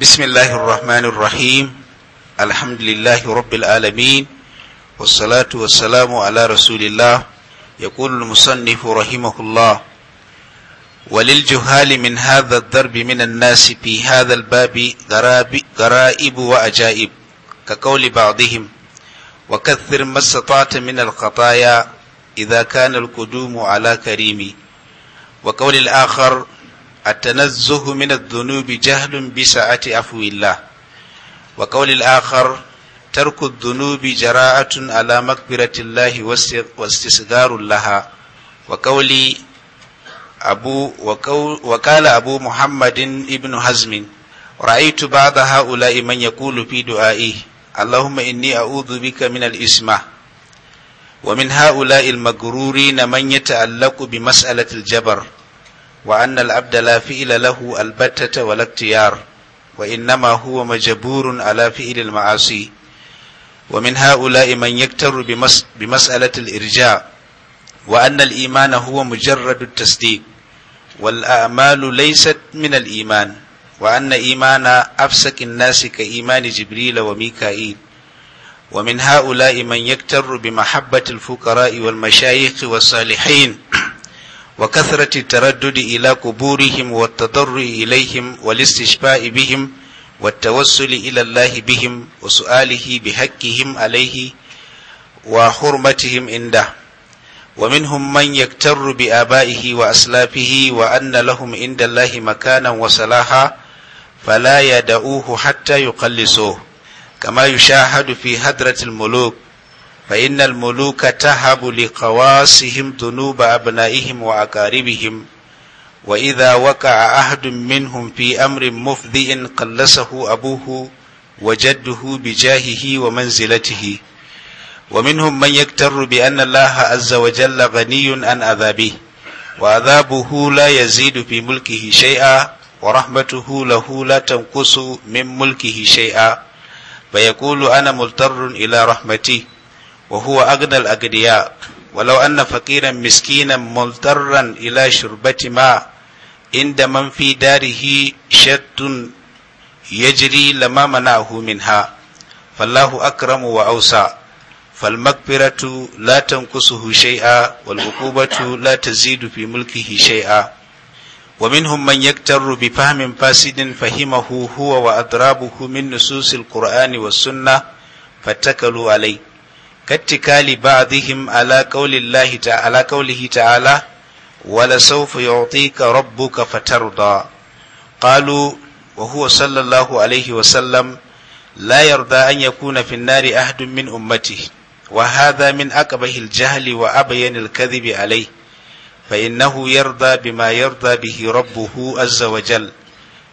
بسم الله الرحمن الرحيم الحمد لله رب العالمين والصلاة والسلام على رسول الله يقول المصنف رحمه الله وللجهال من هذا الضرب من الناس في هذا الباب غرائب وأجائب كقول بعضهم وكثر ما استطعت من الخطايا إذا كان القدوم على كريم وقول الآخر التنزه من الذنوب جهل بسعة عفو الله وقول الآخر ترك الذنوب جراءة على مقبرة الله واستصغار لها وقولي أبو وقول وقال أبو محمد ابن حزم رأيت بعض هؤلاء من يقول في دعائه اللهم إني أعوذ بك من الإسمة ومن هؤلاء المغرورين من يتعلق بمسألة الجبر وأن العبد لا فئل له البتة ولا اختيار وإنما هو مجبور على فئل المعاصي ومن هؤلاء من يكتر بمس بمسألة الإرجاء وأن الإيمان هو مجرد التصديق والأعمال ليست من الإيمان وأن إيمان أفسك الناس كإيمان جبريل وميكائيل ومن هؤلاء من يكتر بمحبة الفقراء والمشايخ والصالحين وكثرة التردد إلى قبورهم والتضرع إليهم والاستشفاء بهم والتوسل إلى الله بهم وسؤاله بحقهم عليه وحرمتهم عنده ومنهم من يكتر بآبائه وأسلافه وأن لهم عند الله مكانا وصلاحا فلا يدعوه حتى يقلصوه كما يشاهد في هدرة الملوك فإن الملوك تهب لقواسهم ذنوب أبنائهم وأقاربهم وإذا وقع أحد منهم في أمر مفضئ قلسه أبوه وجده بجاهه ومنزلته ومنهم من يكتر بأن الله عز وجل غني عن عذابه وعذابه لا يزيد في ملكه شيئا ورحمته له لا تنقص من ملكه شيئا فيقول أنا مضطر إلى رحمتي وهو أغنى الأغنياء ولو أن فقيرا مسكينا مضطرا إلى شربة ماء عند من في داره شد يجري لما منعه منها فالله أكرم وأوسع فالمغفرة لا تنقصه شيئا والعقوبة لا تزيد في ملكه شيئا ومنهم من يكتر بفهم فاسد فهمه هو وأضرابه من نصوص القرآن والسنة فاتكلوا عليه kattikali ba'dihim ala qaulillahi ta'ala qaulihi ta'ala wala sawfa yu'tika rabbuka fatarda qalu wa huwa sallallahu alaihi wa sallam la yarda an yakuna fi an-nari ahadun min ummatihi wa hadha min aqbahi al-jahli wa abyani al-kadhibi alayhi فإنه يرضى بما يرضى به ربه عز وجل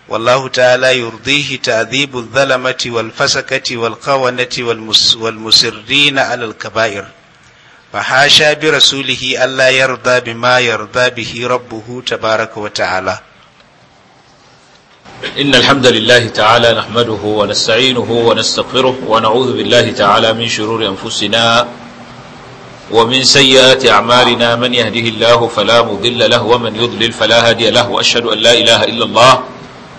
والله تعالى يرضيه تعذيب الظلمة والفسكة والقونة والمسرين على الكبائر فحاشا برسوله ألا يرضى بما يرضى به ربه تبارك وتعالى إن الحمد لله تعالى نحمده ونستعينه ونستغفره ونعوذ بالله تعالى من شرور أنفسنا ومن سيئات أعمالنا من يهده الله فلا مضل له ومن يضلل فلا هادي له وأشهد أن لا إله إلا الله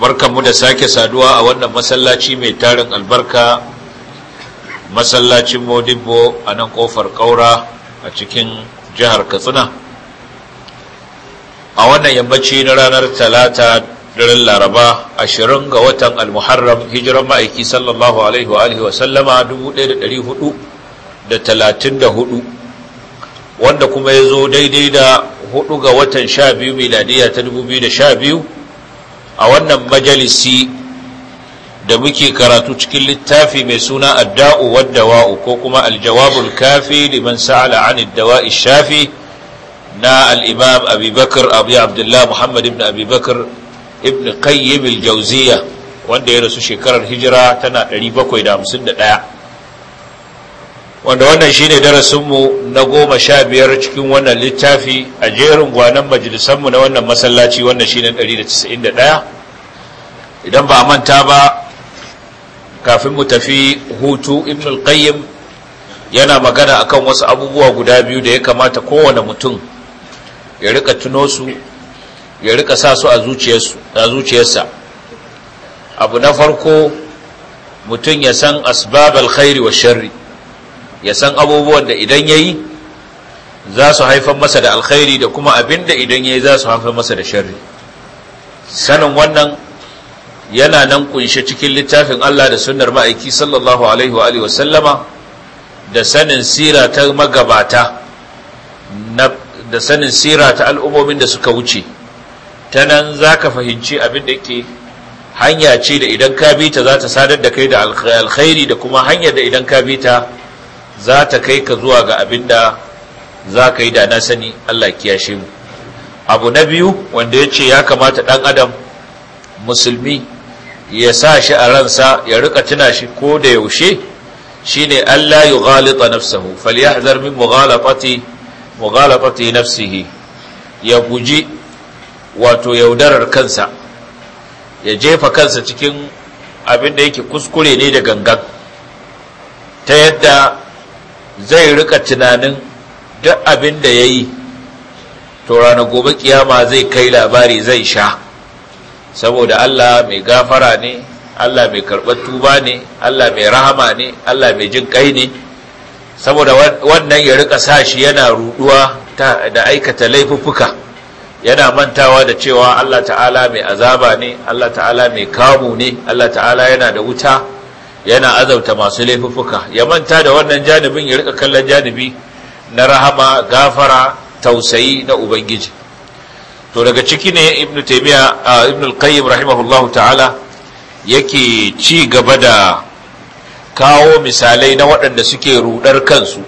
barkanmu da sake saduwa a wannan masallaci mai tarin albarka masallacin modibbo a nan kofar kaura a cikin jihar katsina a wannan yammaci na ranar talata daren laraba ashirin ga watan almuharram hijiran ma'aiki sallallahu alaihi wa alihi wa sallama 1434 wanda kuma ya zo daidai da hudu ga watan sha biyu ta 2012 a wannan majalisi da muke karatu cikin littafi mai suna adda'u waddawa'u ko kuma aljawabul kafi liman sa'ala an dawa'i shafi na al-imam Abi Bakar Abdullah Muhammad ibn Abi ibn Qayyim al-Jawziyya wanda ya rasu shekarar hijira tana 751 wanda wannan shi ne darasinmu na goma sha biyar cikin wannan littafi a jerin gwanan majalisanmu na wannan masallaci wannan shi da 191 idan ba a manta ba kafin mu tafi hutu ibn al-qayyim yana magana akan wasu abubuwa guda biyu da ya kamata kowane mutum ya rika tuno su ya rika sa su a zuciyarsa abu na farko mutum ya san asbab alkhairi wa sharri ya san abubuwan da idan ya yi za su haifar masa da alkhairi da kuma abin da idan ya yi za su haifar masa da sharri sanin wannan yana nan kunshe cikin littafin Allah da sunnar ma'aiki sallallahu alaihi wa sallama, da sanin sira ta magabata da sanin sira ta al'ummomin da suka wuce ta nan za ka fahimci abin da ke hanya ce da idan ka bi ta za ta sadar da kai da alkhairi da kuma hanyar da idan ka bi ta za ta kai ka zuwa ga abin da za ka yi da na sani Allah kiyashe mu abu na biyu wanda ya ce ya kamata ɗan adam musulmi ya sa shi a ransa ya rika tuna shi ko da yaushe shi ne Allah yi ghalita nafsahu falyahzar min mughalafati mughalafati nafsihi ya guji wato yaudarar kansa ya jefa kansa cikin abin da yake kuskure ne da gangan ta yadda zai rika tunanin duk abin da ya yi to ranar gobe kiyama zai kai labari zai sha saboda Allah mai gafara ne Allah mai karɓar tuba ne Allah mai rahama ne Allah mai jin kai ne saboda wannan ya rika sashi yana ruduwa da aikata laifuffuka yana mantawa da cewa Allah ta'ala mai azaba ne Allah ta'ala mai kamu ne Allah ta'ala yana da wuta yana azauta masu laifuka, ya manta da wannan janibin ya rika kallon janibi na rahama gafara tausayi na ubangiji to daga ciki ne ibnu taymiya ibnu al rahimahullahu ta'ala yake ci gaba da kawo misalai na waɗanda suke rudar kansu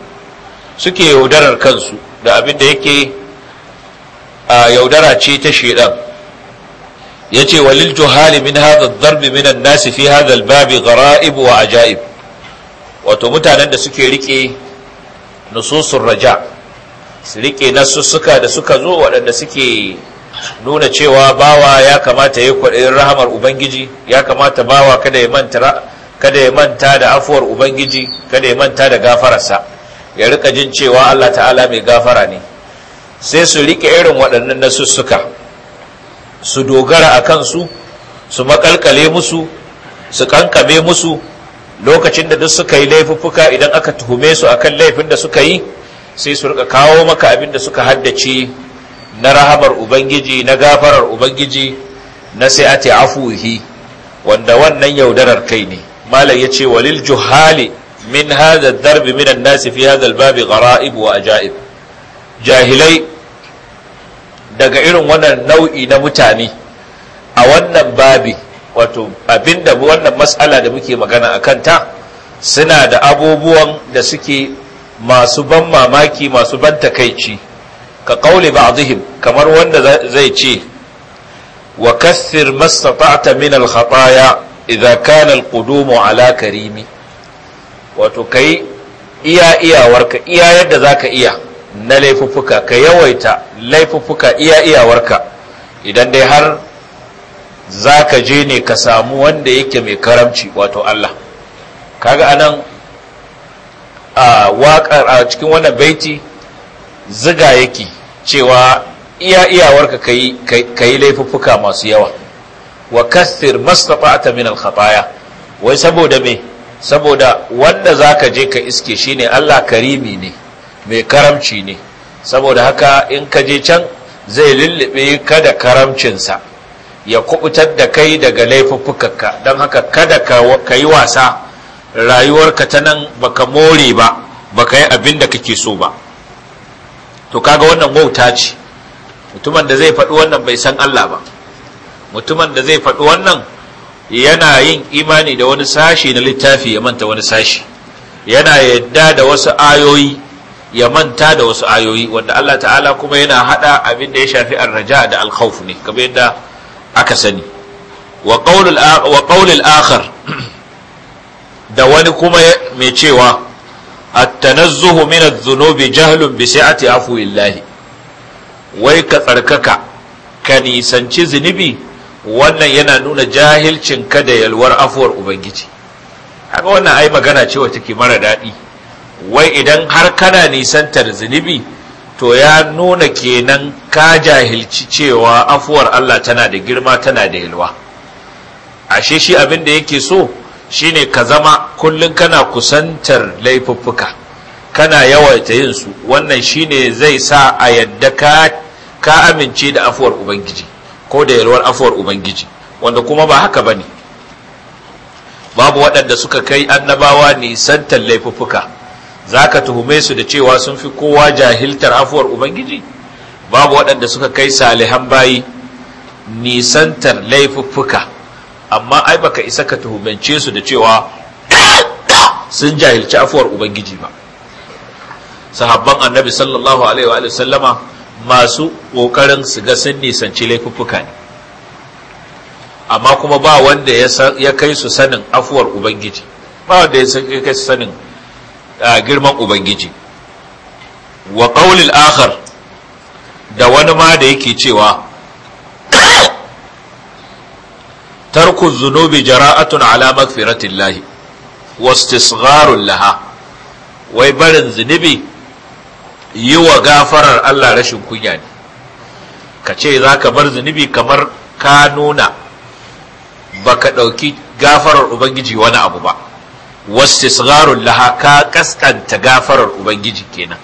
suke yaudarar kansu da abin da yake yaudara ce ta shedan yace walil juhali min hadha ad min nasi fi hadha babu ga gharaib wa ajaib wato mutanen da suke rike nususun raja su rike nasussuka da suka zo waɗanda suke nuna cewa bawa ya kamata ya kwaɗe rahamar ubangiji ya kamata bawa kada ya manta kada ya manta da afuwar ubangiji kada ya manta da gafararsa ya rika jin cewa Allah ta'ala mai gafara ne sai su rike irin waɗannan nasussuka su dogara a kansu su makalkale musu su kankame musu lokacin da duk suka yi laifuffuka idan aka tuhume su akan laifin da suka yi sai su rika kawo maka abin da suka haddace na rahamar ubangiji na gafarar ubangiji na sai ate afuhi wanda wannan yaudarar kai ne malam ya ce walil juhali min hadha darbi min fi hadha al-bab wa ajaib jahilai daga irin wannan nau'i na mutane a wannan babi wato da wannan matsala da muke magana a kanta suna da abubuwan da suke masu ban mamaki masu ban takaici ka kauli ba'dihim kamar wanda zai ce wa kassir mastata'ta min al-khataya idza kana al ala karimi wato kai iya iyawarka iya yadda zaka iya na laifuffuka ka yawaita laifuffuka iya iyawarka idan dai har za ka je ne ka samu wanda yake mai karamci wato Allah kaga anan a waƙar a cikin wannan baiti ziga yake cewa iya iyawarka ka yi laifuffuka masu yawa wa kastir mastafa'ata min al-khataya wai saboda me saboda wanda za ka je ka iske shi ne Allah karimi ne mai karamci ne saboda haka in ka je can zai lullube ka da karamcinsa ya kubutar da kai daga laifuffukanka don haka kada ka yi wasa rayuwarka ta nan baka more ba baka yi abin da kake so ba to kaga wannan wauta ce mutumin da zai faɗi wannan bai san Allah ba mutumin da zai faɗi wannan yana yin imani da wani sashi na littafi ya manta wani sashi yana yadda da wasu ayoyi ya manta da wasu ayoyi wanda Allah ta'ala kuma yana hada abin da ya shafi arraja da alkhawf ne kamar yadda aka sani wa qaulul akhar da wani kuma mai cewa at-tanazzuhu min adh-dhunubi jahlun bi si'ati afwillahi wai ka tsarkaka ka nisanci zunubi wannan yana nuna jahilcin ka da yalwar afuwar ubangiji haka wannan ai magana ce wacce mara daɗi wai idan har kana nisantar zunubi to ya nuna kenan ka jahilci cewa afuwar Allah tana da girma tana da yalwa ashe shi abin da yake so shine ka zama kullum kana kusantar laifuffuka kana yawaita yin su wannan shine zai sa a yadda ka amince da afuwar ubangiji ko da yalwar afuwar ubangiji wanda kuma ba haka bane babu waɗanda suka kai annabawa nisantar laifuffuka za ka tuhume su da cewa sun fi kowa jahiltar afuwar ubangiji babu waɗanda suka kai salihan bayi nisantar laifuffuka amma ai baka isa ka tuhumance su da cewa sun jahilci afuwar ubangiji ba sahabban annabi sallallahu alaihi wa sallama masu ƙoƙarin su ga sun nisanci laifuffuka ne amma kuma ba wanda ya kai su sanin afuwar ubangiji ba wanda ya kai su sanin A girman ubangiji wa ƙaunin akhar da wani ma da yake cewa tarkun zunubi jara'atun ala magfiratin lahi wastisgharun laha wai barin zunubi yi wa gafarar Allah rashin kunya ne ka ce za ka bar zunubi kamar ka nuna ba ka ɗauki gafarar Ubangiji wani abu ba wastisgharul laha ka kaskanta gafarar ubangiji kenan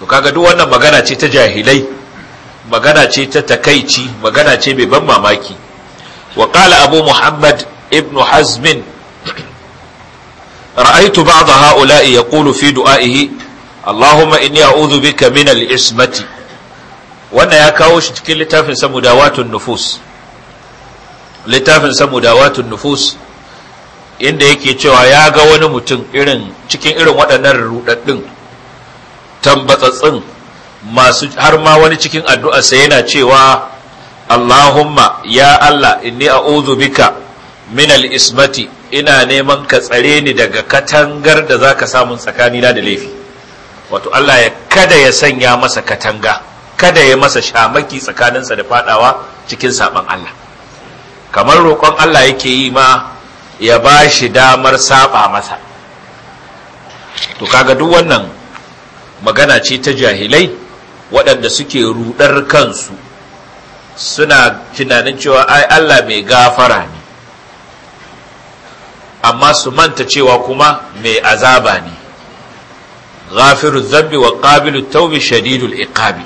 to kaga duk wannan magana ce ta jahilai magana ce ta takaici magana ce mai ban mamaki wa qala abu muhammad ibnu hazm ra'aytu ba'd ha'ula'i yaqulu fi du'a'ihi allahumma inni a'udhu bika min al-ismati wannan ya kawo shi cikin littafin samudawatun nufus littafin samudawatun nufus inda yake cewa ya ga wani mutum irin cikin irin waɗannan rudaddin tambatsatsin masu har ma wani cikin addu'arsa yana cewa Allahumma ya Allah inni a'udhu bika minal ismati ina neman ka tsare ni daga katangar da zaka samu tsakanina da laifi wato Allah ya kada ya sanya masa katanga kada ya masa shamaki tsakaninsa da fadawa cikin saban Allah kamar roƙon Allah yake yi ma ya ba shi damar saba masa to kaga duk wannan magana ce ta jahilai waɗanda suke rudar kansu suna tunanin cewa ai Allah mai gafara ne amma su manta cewa kuma mai azaba ne ghafiru zambi wa qabilu tawbi shadidul iqabi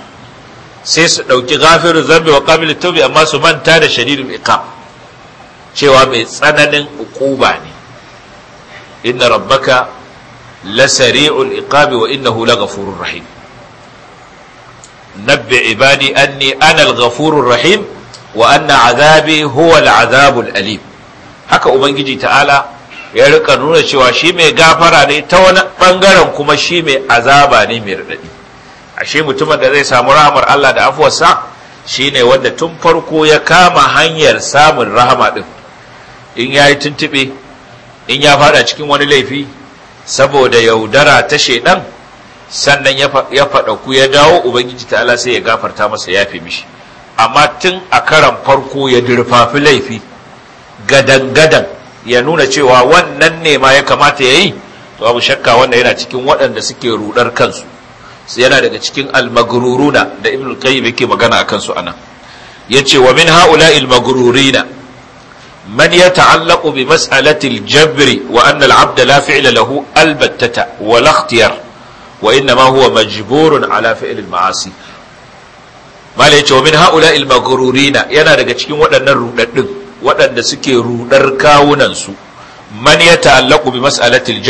sai su ɗauki ghafiru zambi wa qabilu tawbi amma su manta da shadidul cewa mai tsananin ukuba ne inna rabbaka lasari'ul iqabi wa innahu laghafurur rahim nabbi ibadi anni ana al-ghafurur rahim wa anna azabi huwa al-azabul alim haka ubangiji ta'ala ya rika nuna cewa shi mai gafara ne ta wani bangaren kuma shi mai azaba ne mai radadi ashe mutumin da zai samu rahamar Allah da afuwarsa shine wanda tun farko ya kama hanyar samun rahama din in ya yi tuntuɓe in ya fada cikin wani laifi saboda yaudara ta shaidan sannan ya faɗa ku ya dawo ubangiji ta'ala sai ya gafarta masa ya fi mishi amma tun a karan farko ya dirfafi laifi gadan-gadan ya nuna cewa wannan ne ma ya kamata ya yi to abu shakka wanda yana cikin waɗanda suke rudar kansu sai yana daga cikin almagururuna da ibn qayyim yake magana a kansu anan yace wa min ha'ula magrurina man ya ta'allaqu bi mas'alati jabri wa anna al-'abda la lahu albattata wa la wa inna ma huwa majburun ala fi'l al-ma'asi malai ce wa min haula al yana daga cikin waɗannan rudaddin waɗanda suke rudar kawunan su man ya ta'allaqu bi mas'alati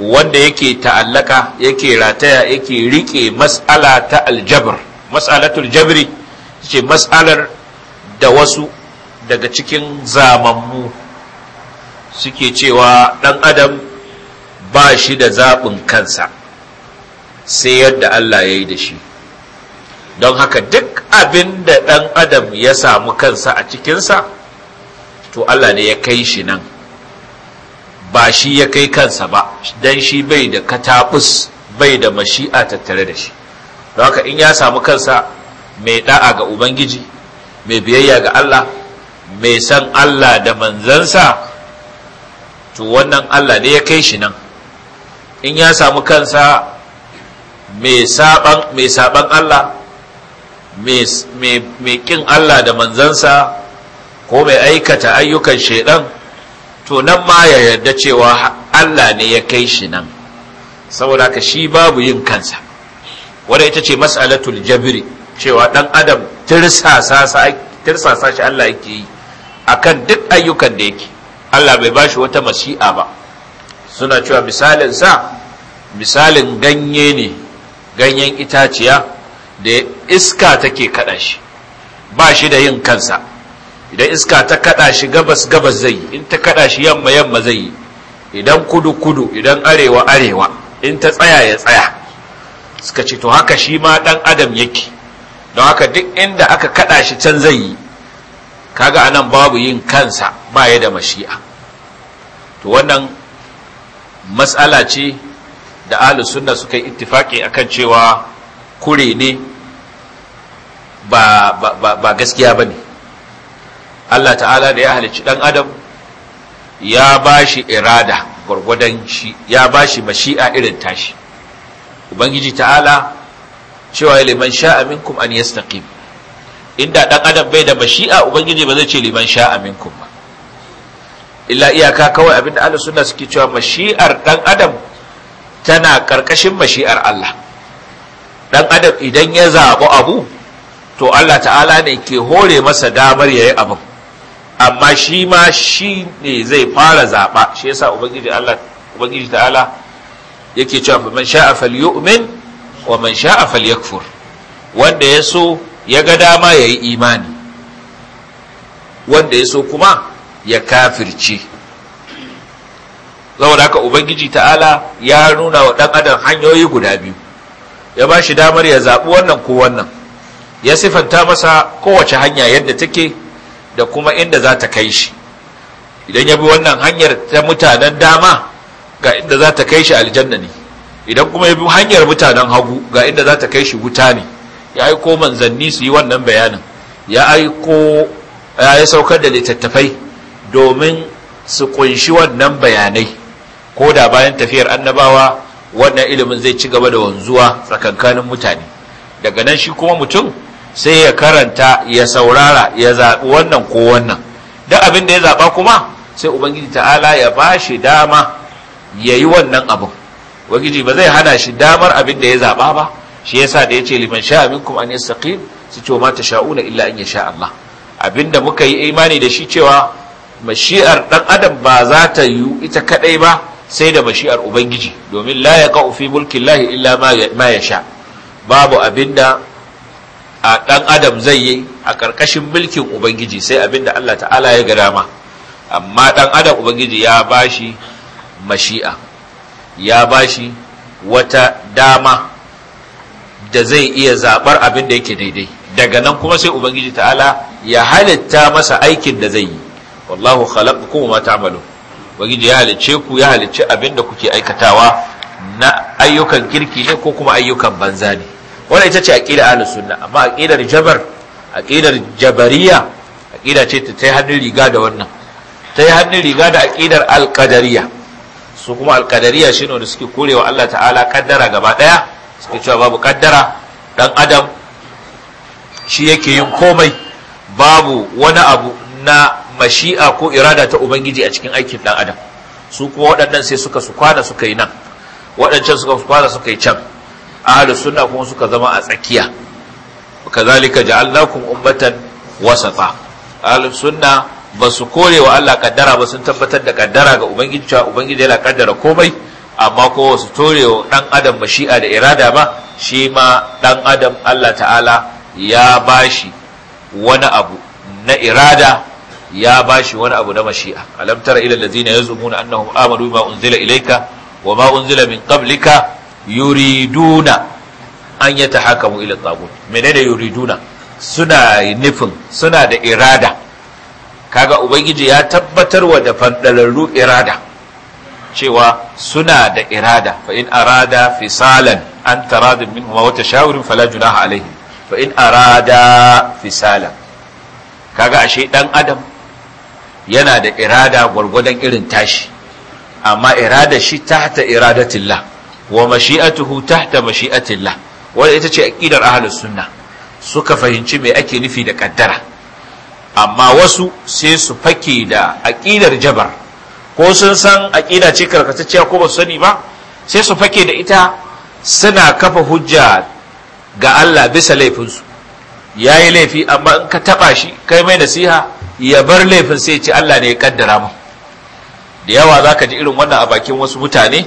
wanda yake ta'allaka yake rataya yake riƙe mas'ala ta aljabr mas'alatul jabri ce mas'alar da wasu daga cikin zamanmu suke cewa ɗan adam ba shi da zaɓin kansa sai yadda Allah ya yi da shi don haka duk abin da ɗan adam ya samu kansa a cikinsa to Allah ne ya kai shi nan ba shi ya kai kansa ba don shi bai da katabus bai da mashi'a tattare da shi don haka in ya samu kansa mai da'a ga ubangiji mai biyayya ga Allah mai san Allah da manzansa to wannan Allah ne ya kai shi nan in ya samu kansa mai saban Allah mai kin Allah da manzansa ko mai aikata ayyukan shaidan to nan ma ya yarda cewa Allah ne ya kai shi nan saboda ka shi babu yin kansa wadda ita ce mas'alatul jabiri cewa dan adam tirsasa shi Allah yake yi akan duk ayyukan da yake Allah bai bashi wata masi'a ba suna cewa misalin sa misalin ganye ne ganyen itaciya da iska take kada shi ba shi da yin kansa idan iska ta kada shi gabas gabas zai yi in ta kada shi yamma yamma zai yi idan kudu kudu idan arewa arewa in ta tsaya ya tsaya suka ce to haka shi ma dan adam yake don haka duk inda aka kada shi can zai yi kaga anan babu yin kansa ba ya da mashi'a to wannan matsala ce da ahlus sunna suka yi ittifaki akan cewa kure ne ba ba ba gaskiya bane Allah ta'ala da ya halicci dan adam ya bashi irada gurgudan shi ya bashi mashi'a irin tashi ubangiji ta'ala cewa liman sha'a minkum an yastaqim inda dan adam bai da mashi'a ubangiji ba zai ce liman sha'a minkum ba illa iyaka kawai abinda ahlus sunna suke cewa mashi'ar dan adam tana karkashin mashi'ar Allah dan adam idan ya zaɓi abu to Allah ta'ala ne ke hore masa damar yayi abin amma shi ma shi ne zai fara zaba shi yasa ubangiji Allah ubangiji ta'ala yake cewa man sha'a falyu'min wa man sha'a falyakfur wanda ya so ya ga dama ya yi imani wanda ya so kuma ya kafirce da haka ubangiji ta'ala ya nuna wa ɗan adam hanyoyi guda biyu ya ba shi damar ya zaɓi wannan ko wannan ya sifanta masa kowace hanya yadda take da kuma inda za ta kai shi idan ya bi wannan hanyar ta mutanen dama ga inda za ta kai shi aljanna ne idan kuma ya bi hanyar mutanen hagu ga inda za ta kai shi wuta ne ya aiko manzanni su yi wannan bayanin ya aiko ya saukar da littattafai domin su kunshi wannan bayanai ko da bayan tafiyar annabawa wannan ilimin zai ci gaba da wanzuwa tsakankanin mutane daga nan shi kuma mutum sai ya karanta ya saurara ya zaɓi wannan ko wannan duk abin da ya zaɓa kuma sai ubangiji ta'ala ya ba shi dama ya yi wannan abin ubangiji ba zai hana shi damar abin da ya zaɓa ba shi yasa da yace liman sha'a minkum an yastaqim su ce ma tasha'una illa an yasha Allah abinda muka yi imani da shi cewa mashi'ar dan adam ba za ta yi ita kadai ba sai da mashi'ar ubangiji domin la yaqa'u fi mulki llahi illa ma yasha babu abinda a dan adam zai yi a karkashin mulkin ubangiji sai abinda Allah ta'ala ya ga dama amma dan adam ubangiji ya bashi mashi'a ya bashi wata dama da zai iya zabar abin da yake daidai daga nan kuma sai ubangiji ta'ala ya halitta masa aikin da zai yi wallahu khalaqakum ma ta'malu ubangiji ya halicce ku ya halicce abin da kuke aikatawa na ayyukan kirki ne ko kuma ayyukan banza ne wannan ita ce aqida ahlus sunna amma aqidar jabar aqidar jabariya aqida ce ta tai hannun riga da wannan tai hannun riga da aqidar alqadariya su kuma alqadariya shine wanda suke korewa Allah ta'ala kaddara gaba daya suka cewa babu kaddara dan adam shi yake yin komai babu wani abu na mashi'a ko irada ta ubangiji a cikin aikin dan adam su kuma waɗannan sai suka su kwana suka yi nan waɗancan suka su kwana suka yi can ahlus sunna kuma suka zama a tsakiya kazalika ja'alnakum ummatan wasata ahlus sunna ba su kore wa Allah kaddara ba sun tabbatar da kaddara ga ubangiji cewa ubangiji yana kaddara komai amma ko su tore wa ɗan adam mashi'a da irada ba shi ma ɗan adam Allah ta'ala ya bashi wani abu na irada ya bashi wani abu na mashi'a alam tara ila allazina yazumuna annahum amanu bima unzila ilayka ma unzila min qablika yuriduna an yatahakamu ila tagut menene yuriduna suna nufin suna da irada kaga ubangiji ya tabbatar wa da fandalarru irada cewa suna da irada fa in arada fisalan an taradin min wa tashawirin fala junaha alaihi fa in arada fisalan kaga ashe dan adam yana da irada gwargwadon irin tashi amma irada shi tahta iradatillah wa mashi'atuhu tahta mashi'atillah wanda ita ce aqidar ahlus sunna suka fahimci me ake nufi da kaddara amma wasu sai su fake da aqidar jabar ko sun san aƙida ce karkatacciya ko ba su sani ba sai su fake da ita suna kafa hujja ga Allah bisa laifinsu ya yi laifi amma in ka taɓa shi kai mai nasiha ya bar laifin sai ce Allah ne ya kaddara mu da yawa za ka ji irin wannan a bakin wasu mutane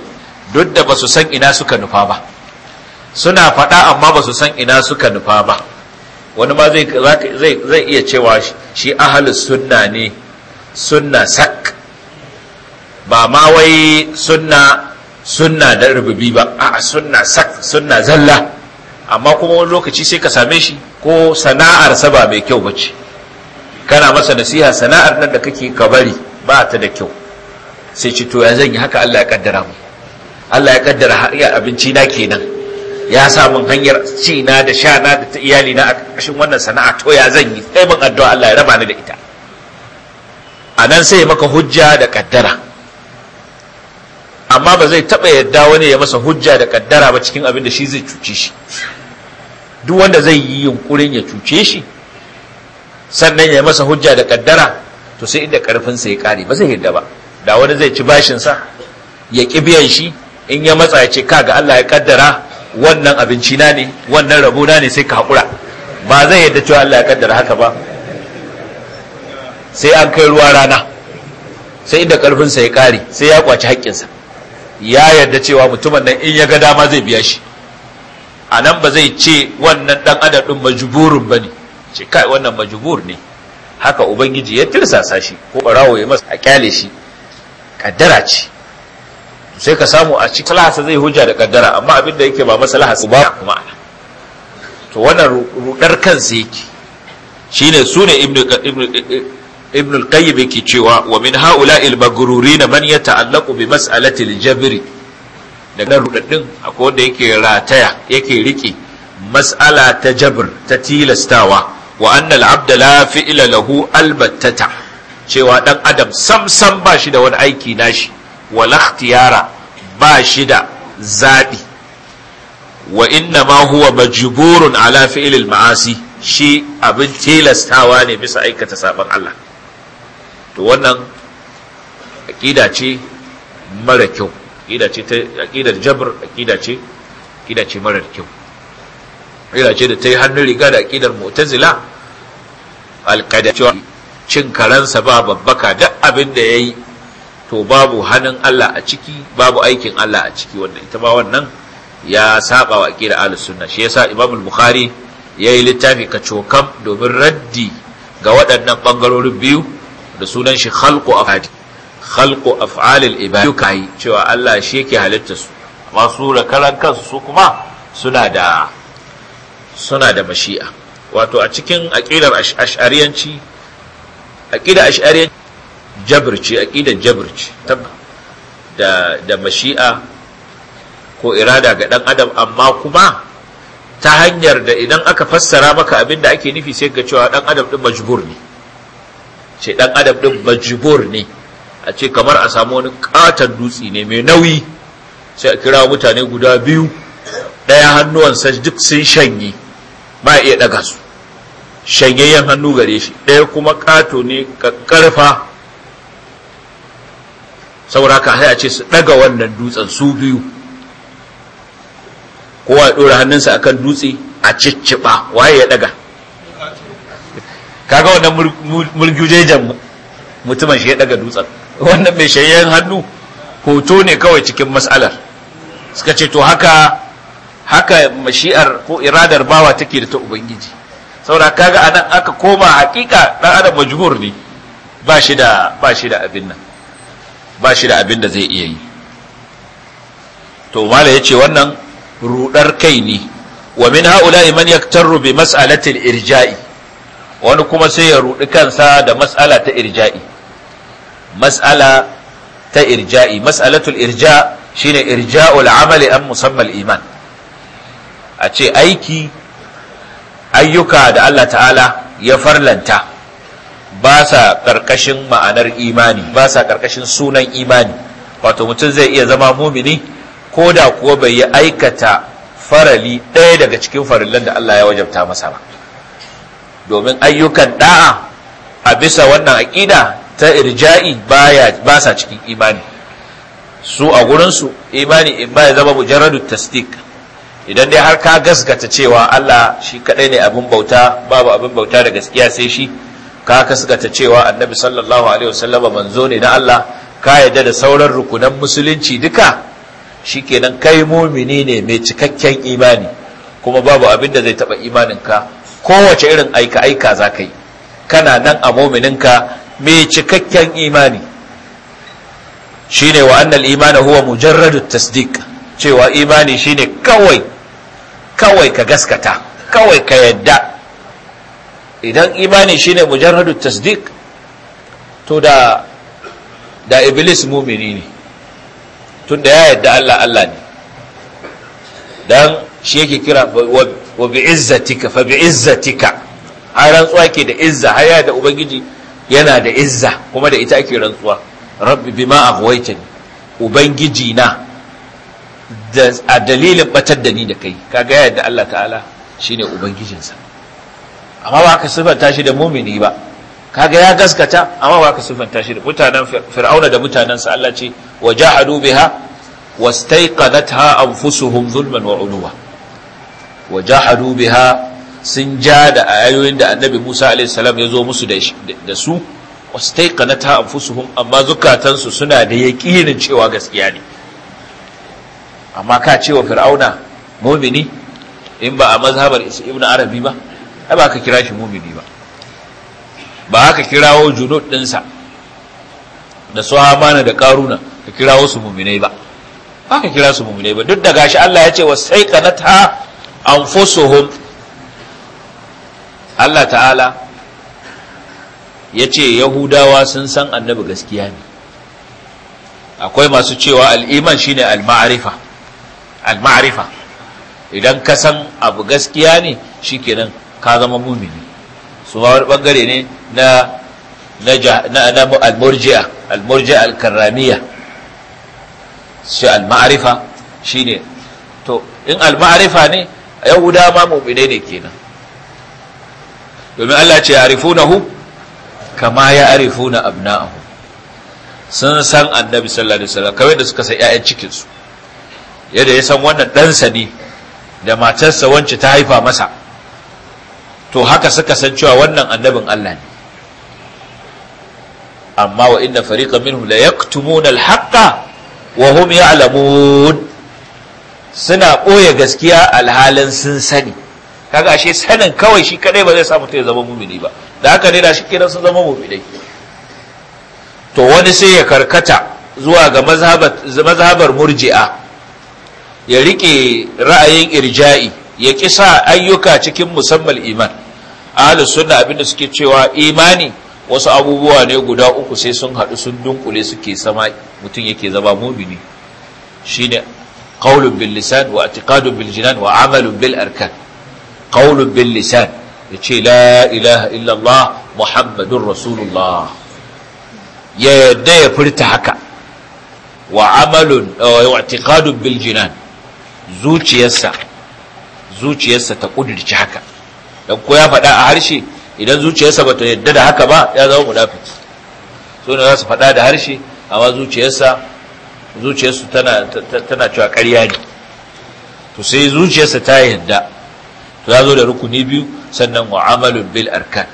duk da ba su san ina suka nufa ba suna faɗa amma ba su san ina suka nufa ba wani ma zai iya cewa shi ahalus sunna ne sunna sak ba ma wai sunna sunna da rububi ba a'a sunna sak sunna zalla amma kuma wani lokaci sai ka same shi ko sana'ar sa ba mai kyau bace kana masa nasiha sana'ar nan da kake ka bari ba ta da kyau sai ci to ya zan yi haka Allah ya kaddara mu Allah ya kaddara ya abinci na kenan ya sa mun hanyar ci na da sha na da ta iyali na a ƙarƙashin wannan sana'a to ya zan yi sai mun addu'a Allah ya raba ni da ita anan nan sai maka hujja da kaddara amma ba zai taɓa yadda wani ya masa hujja da kaddara ba cikin abin da shi zai cuce shi duk wanda zai yi yunkurin ya cuce shi sannan ya masa hujja da kaddara to sai inda ƙarfinsa ya kare ba zai yadda ba da wani zai ci bashinsa ya ƙi biyan shi in ya matsa ya ce kaga Allah ya kaddara wannan abinci na ne wannan rabo na ne sai ka haƙura ba zai yadda cewa Allah ya kaddara haka ba sai an kai ruwa rana sai inda ƙarfinsa ya kare sai ya kwaci haƙƙinsa ya yarda cewa mutumin nan in ya ga dama zai biya shi a nan ba zai ce wannan dan adadin din ba ne ce kai wannan majibur ne haka ubangiji ya tirsasa shi ko barawo ya masa a kyale shi kaddara ce sai ka samu a cikin zai hujja da kaddara amma abin da yake ba masalahasa ba kuma to wannan rudar kansa yake shine su ne ibn al-qayyim yake cewa wa min ha'ula'il na man ta'allaku bi mas'alati al-jabr daga rudaddin akwai wanda yake rataya yake riƙe. mas'ala ta jabr ta tilastawa wa annal al-'abda la fi'la lahu albattata cewa dan adam sam sam ba shi da wani aiki nashi wala ikhtiyara ba shi da zabi wa inna ma huwa majburun ala fi'l al-ma'asi shi abin tilastawa ne bisa aikata sabon Allah to wannan aqida ce mara kyau aqida ce ta jabr aqida ce mara kyau aqida ce da ta yi hannun riga da aqidar mu'tazila alqada cin karansa ba babbaka da, abin da yayi to babu hannun Allah a ciki babu aikin Allah a ciki wannan ita ba wannan ya saba wa aqida ahlus sunna shi yasa sa bukhari yayi littafi ka cokam domin raddi ga waɗannan bangarorin biyu da sunan shi khalqu afadi khalqu af'alil ibad kai cewa Allah shi yake halitta su amma su da karan kansu su kuma suna da suna da mashi'a wato a cikin aqidar ash'ariyanci aqida ash'ariyanci jabrci aqida jabrci da da mashi'a ko irada ga dan adam amma kuma ta hanyar da idan aka fassara maka abin da ake nufi sai ga cewa dan adam din majbur ne ce ɗan adam ɗin majbur ne a ce kamar a samu wani katon dutse ne mai nauyi sai a kira mutane guda biyu ɗaya hannuwansa duk sun shanye ba iya ɗaga su shanyayyen hannu gare shi ɗaya kuma ƙato ne ƙarfa saboda ka sai a ce su ɗaga wannan dutsen su biyu kowa ya ɗora hannunsa akan dutse a cicciɓa waye ya ɗaga kaga wannan jan mutumin shi ya daga dutsen wannan mai shayyan hannu hoto ne kawai cikin mas'alar suka ce to haka haka mashi'ar ko iradar bawa take da ta ubangiji saboda kaga anan aka koma hakika dan adam majhur ne ba shi da ba shi da abin nan ba shi da abin da zai iya yi to mala yace wannan rudar kai ne wa min haula'i man yaktaru bi mas'alati al-irja'i wani kuma sai ya rudi kansa da mas'ala ta irja'i mas'ala ta irja'i mas'alatul irja shine irja'ul amali an musammal iman a ce aiki ayyuka da Allah ta'ala ya farlanta ba sa ƙarƙashin ma'anar imani ba sa ƙarƙashin sunan imani wato mutum zai iya zama mumini ko da kuwa bai yi aikata farali ɗaya daga cikin farillan da Allah ya wajabta masa ba domin ayyukan da'a a bisa wannan aƙida ta irja'i ba sa cikin imani su a gurinsu imani in ba ya zama mujarradu tasdik idan dai har ka gasgata cewa Allah shi kadai ne abin bauta babu abin bauta da gaskiya sai shi ka gasgata cewa annabi sallallahu alaihi wasallam manzo ne na Allah ka yadda da sauran rukunan musulunci duka shi shikenan kai mumini ne mai cikakken imani kuma babu abin da zai taba imanin ka kowace irin aika aika za ka yi kana nan a mumininka mai cikakken imani shine wa annal imana huwa mujarradu tasdiq cewa imani shine kawai kawai ka gaskata kawai ka yadda idan imani shine mujarradu tasdiq to da da iblis mumini ne tunda ya yadda Allah Allah ne dan shi yake kira wa bi izzatika fa bi izzatika an rantsuwa ke da izza haya da ubangiji yana da izza kuma da ita ake rantsuwa rabbi bima aghwaytani ubangiji na da a dalilin batar da ni da kai kaga yadda Allah ta'ala shine ubangijinsa amma ba ka sifanta shi da mumini ba kaga ya gaskata amma ba ka sifanta shi da mutanen fir'auna da mutanen mutanensa Allah ce wa jahadu biha wastaiqanatha anfusuhum zulman wa uluwa wa jahadu biha sun ja da ayoyin da annabi Musa alaihi salam ya zo musu da su wastaiqanata anfusuhum amma zukatansu suna da yaqinin cewa gaskiya ne amma ka ce wa fir'auna mumini in ba a mazhabar ibn arabi ba ai ba ka kira shi mumini ba ba aka kirawo junud dinsa da su amana da karuna ka kirawo su muminai ba ba ka kira su muminai ba duk da gashi Allah ya ce wasaiqanata anfusuhum Allah ta'ala ya ce yahudawa sun san annabi gaskiya ne akwai masu cewa al'iman shine al maarifa al maarifa idan ka san abu gaskiya ne shikenan ka zama mumini su ma wani bangare ne na na al-murji'a al-murji'a al-karramiyya shi al-ma'rifa shine to in al maarifa ne yahuda ma mu'mine ne kenan domin Allah ce hu, kama ya'rifuna abna'ahum sun san annabi sallallahu alaihi wasallam kawai da suka san ƴaƴan cikin su yadda ya san wannan ɗansa ne da matarsa wance ta haifa masa to haka suka san cewa wannan annabin Allah ne amma wa inna fariqan minhum la yaktumuna al-haqqa wa hum ya'lamun suna ɓoye gaskiya alhalin sun sani kaga ashe sanin kawai shi kadai ba zai sa mutum ya zama mumini ba da haka ne da shi kenan sun zama muminai to wani sai ya karkata zuwa ga mazhabar murji'a ya rike ra'ayin irja'i ya sa ayyuka cikin musamman iman ahli sunna abinda suke cewa imani wasu abubuwa ne guda uku sai sun haɗu sun dunkule suke sama mutum yake zama mumini shine قول باللسان واعتقاد بالجنان وعمل بالأركان قول باللسان يتشي لا إله إلا الله محمد رسول الله يدى يفرت حكا وعمل واعتقاد بالجنان زوجي يسا زوجي يسا تقول لك حكا لو كويا فدا أهرشي idan zuciyarsa ba ta yadda da haka ba ya zama munafiki so ne za su faɗa da harshe amma zuciyarsa zuciyarsu tana tana cewa ƙarya ne to sai zuciyarsa ta yadda to ya zo da rukuni biyu sannan wa Amalu bil arkan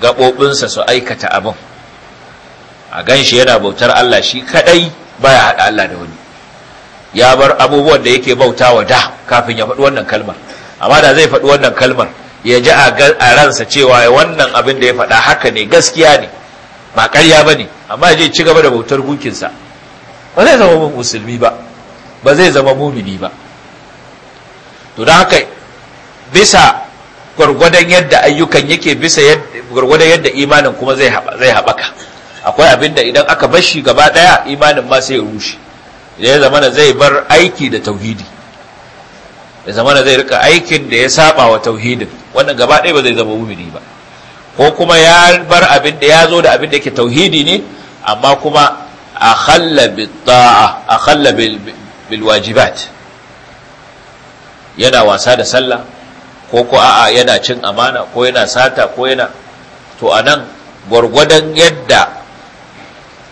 gaɓoɓinsa su aikata abin a gan shi yana bautar Allah shi kadai baya haɗa Allah da wani ya bar abubuwan da yake bauta wa da kafin ya faɗi wannan kalmar amma da zai faɗi wannan kalmar ya ji a ransa cewa wannan abin da ya faɗa haka ne gaskiya ne ba karya ba ne amma ya je ci gaba da bautar gunkinsa ba zai zama musulmi ba ba zai zama mumini ba to da haka bisa gwargwadon yadda ayyukan yake bisa gwargwadon yadda imanin kuma zai haɓaka akwai abinda idan aka bar shi gaba ɗaya imanin ma sai ya rushe ya zamana zai bar aiki da tauhidi ya zamana zai rika aikin da ya saba wa tauhidin wannan gaba ɗaya ba zai zama mumini ba ko kuma ya bar abin da ya zo da abin da yake tauhidi ne amma kuma akhalla bita'a akhalla bil wajibat yana wasa da sallah ko ko a'a yana cin amana ko yana sata ko yana to gwargwadon yadda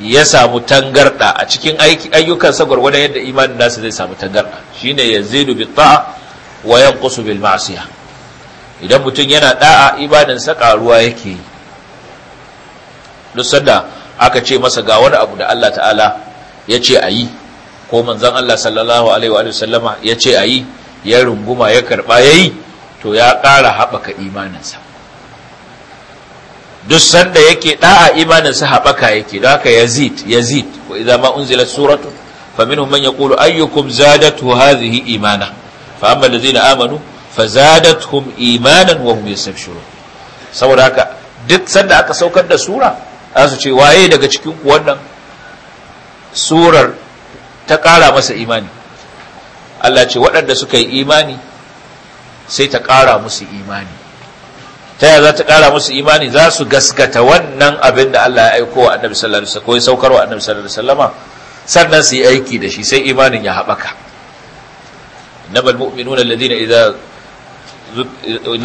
ya samu tangarda a cikin ayyukansa gwargwadon yadda imanin nasa zai samu tangarda shine yazidu bita'a wa yanqusu bil ma'siyah idan mutum yana da'a ibadansa karuwa yake duk sanda aka ce masa ga wani abu da Allah ta'ala ya ce a yi ko manzon Allah sallallahu alaihi wa sallama ya ce a yi ya runguma ya karɓa ya yi to ya ƙara haɓaka imaninsa duk sanda yake ɗa'a imaninsa haɓaka yake da haka yazid yazid ko idza ma unzila suratu fa minhum man yaqulu ayyukum zadatu hadhihi imana fa amma allazina amanu fazadatuhum imanan wa hum yastabshirun saboda haka duk sanda aka saukar da sura za su ce waye daga cikin wannan surar ta ƙara masa imani Allah ce waɗanda suka yi imani sai ta ƙara musu imani ta yaya za ta ƙara musu imani za su gaskata wannan abin da Allah ya aiko wa annabi sallallahu alaihi wasallam ko ya saukar wa annabi sallallahu alaihi wasallam sannan su yi aiki da shi sai imanin ya haɓaka innamal mu'minuna alladhina idza mu'minuna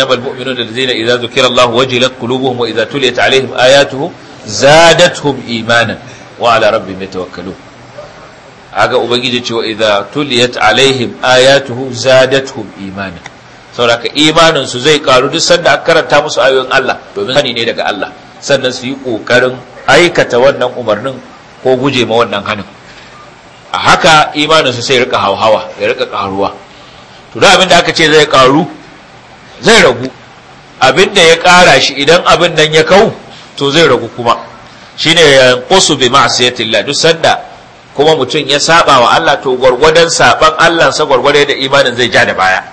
المؤمنون idza إذا ذكر wajilat qulubuhum wa idza tuliyat alaihim ayatuhu zadathum imanan wa ala rabbihim yatawakkalun aga ubangiji cewa idza tuliyat alaihim ayatuhu zadatuhum imanan saboda imanin su zai karu duk sanda aka karanta musu ayoyin Allah domin hani ne daga Allah sannan su yi kokarin aikata wannan umarnin ko guje ma wannan hanin a haka imanin su sai rika hauhawa ya rika karuwa to da abin da aka ce zai karu zai ragu abin da ya kara shi idan abin nan ya kau to zai ragu kuma shine yanqusu bi tilla duk sanda kuma mutum ya saba wa Allah to gwargwadon saban Allah sa gwargwade da imanin zai ja da baya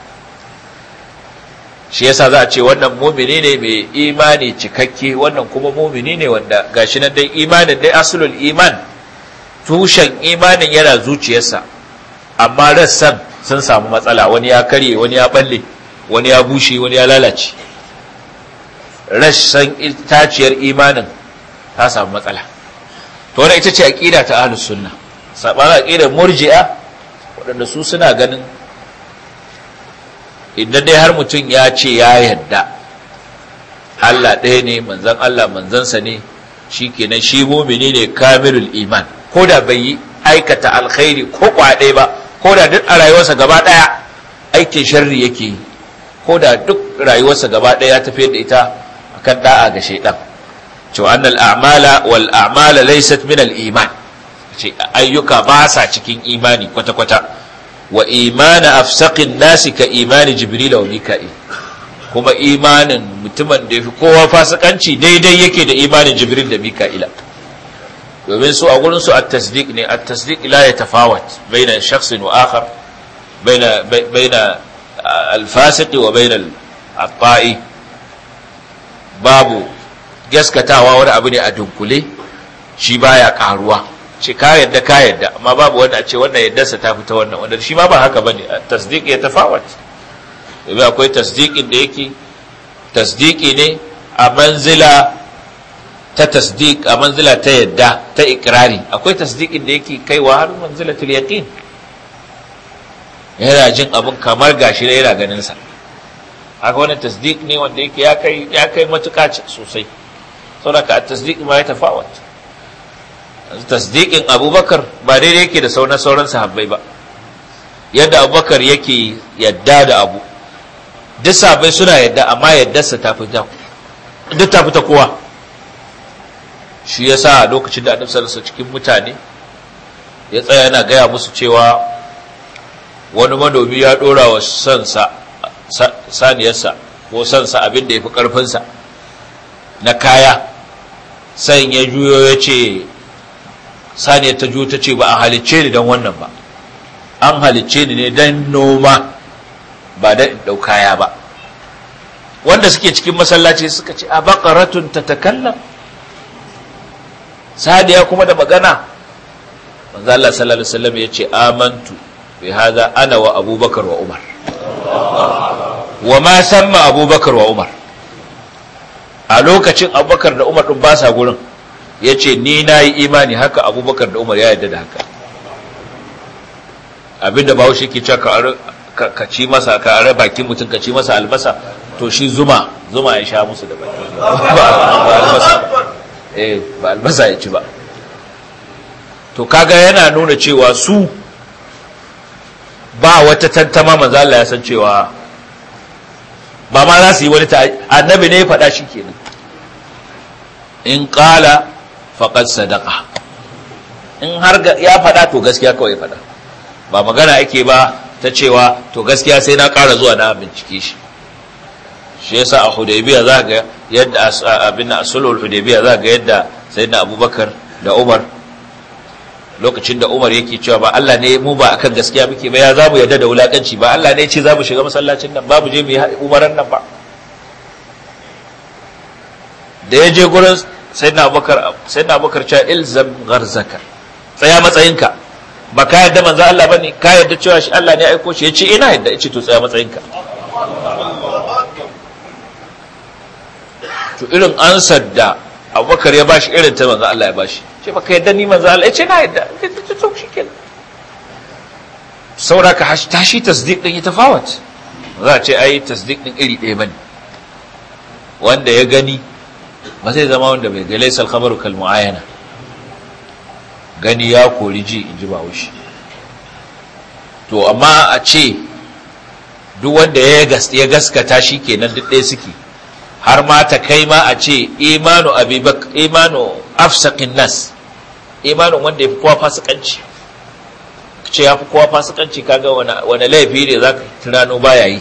shi yasa za a ce wannan mumini ne mai imani cikakke wannan kuma mumini ne wanda gashi nan dai imanin dai asulun iman tushen imanin yana zuciyarsa amma rassan sun samu matsala wani ya karye wani ya balle wani ya bushe wani ya lalace rashin itaciyar imanin ta samu matsala to Wani ita ce aƙida ta ahlus sunna sabanin aƙidar murji'a waɗanda su suna ganin idan dai har mutum ya ce ya yadda Allah ɗaya ne manzan Allah manzansa ne shi kenan shi mumini ne kamilul iman ko da bai yi aikata alkhairi ko kwaɗe ba ko da duk a rayuwarsa gaba ɗaya aikin sharri yake yi ko da duk rayuwarsa gaba ɗaya ya tafi da ita kan da'a ga shaidan to annal a'mala wal a'mala laysat min al iman ce ayyuka ba sa cikin imani kwata kwata wa imana afsaqin nasi ka imani jibril wa mika'il kuma imanin mutumin da yafi kowa fasikanci daidai yake da imanin jibril da mika'ila domin su a gurin su at-tasdiq ne at-tasdiq la yatafawat baina shakhsin wa akhar baina baina al-fasiq wa baina al-ta'i babu gaskatawa wani abu ne a dunkule shi baya karuwa ce ka yadda ka yadda amma babu wanda a ce wannan yaddarsa ta fita wannan wanda shi ma ba haka bane tasdiki ya tafawat yabi akwai tasdiqin da yake tasdiki ne a manzila ta tasdiq a manzila ta yadda ta ikrari akwai tasdiki da yake kaiwa har manzila tul yaqin yana jin abun kamar gashi da yana ganin sa haka wani tasdiq ne wanda yake ya kai ya kai matuƙa sosai saboda tasdiq ma ya tafawat tasdiqin abubakar ba daidai yake da sauran sauran sahabbai ba yadda abubakar yake yadda da abu duk sahabbai suna yadda amma yaddarsa ta fi duk ta ta kowa shi ya sa lokacin da annabi sallallahu cikin mutane ya tsaya yana gaya musu cewa wani manomi ya ɗora wa sansa saniyarsa ko sansa abin da ya fi ƙarfinsa na kaya san ya juyo ya ce saniyar ta juyo ta ce ba a halicce ni don wannan ba an halicce ni ne don noma ba da ɗau kaya ba wanda suke cikin masallaci suka ce a baƙaratun ta kallon. sadiya kuma da magana manzo Allah sallallahu alaihi wasallam ya ce amantu bi hadha ana wa abubakar wa umar wa ma samma abubakar wa umar a lokacin abubakar da umar ɗin ba sa gurin ya ce ni na yi imani haka abubakar da umar ya yarda da haka abinda ba shi ke cewa ka ci masa ka are bakin mutum ka ci masa albasa to shi zuma zuma ya sha musu da bakin ba albasa eh ba albasa ya ci ba to kaga yana nuna cewa su ba wata tantama manzo Allah ya san cewa ba ma za su yi wani annabi ne ya faɗa shi kenan in ƙala faƙad sadaka in har ya faɗa to gaskiya kawai faɗa ba magana ake ba ta cewa to gaskiya sai na ƙara zuwa na bincike shi shi yasa a hudaybiya za ga yadda abin na sulhul hudaybiya za ga yadda sayyidina abubakar da umar lokacin da Umar yake cewa ba Allah ne mu ba akan gaskiya muke ba ya zamu yadda da wulakanci ba Allah ne ya ce zamu shiga masallacin nan babu je mu yi umaran nan ba da ya je gurin sayyidina Abubakar sayyidina Abubakar cewa ilzam gharzaka tsaya matsayinka ba ka yadda manzo Allah bane ka yadda cewa shi Allah ne ya aiko shi ya ce ina yadda yace to tsaya matsayinka to irin ansar da abubakar ya bashi irin ta manzo Allah ya bashi ce ba baka yadda ni manzo Allah ya ce na yadda ta to shi kenan saura ka tashi tasdiq ɗin ya tafawat za a ce ai tasdiq ɗin iri ɗaya bane wanda ya gani ba zai zama wanda bai ga laysal khabaru kal muayana gani ya kori ji in ji bawushi to amma a ce duk wanda ya gaskata shi kenan duk ɗaya suke har ma ta kai ma a ce imanu abibak imanu afsaqin nas imanu wanda ya fi kowa fasikanci ce ya fi kowa fasikanci kaga wani laifi ne za ka tunano baya yi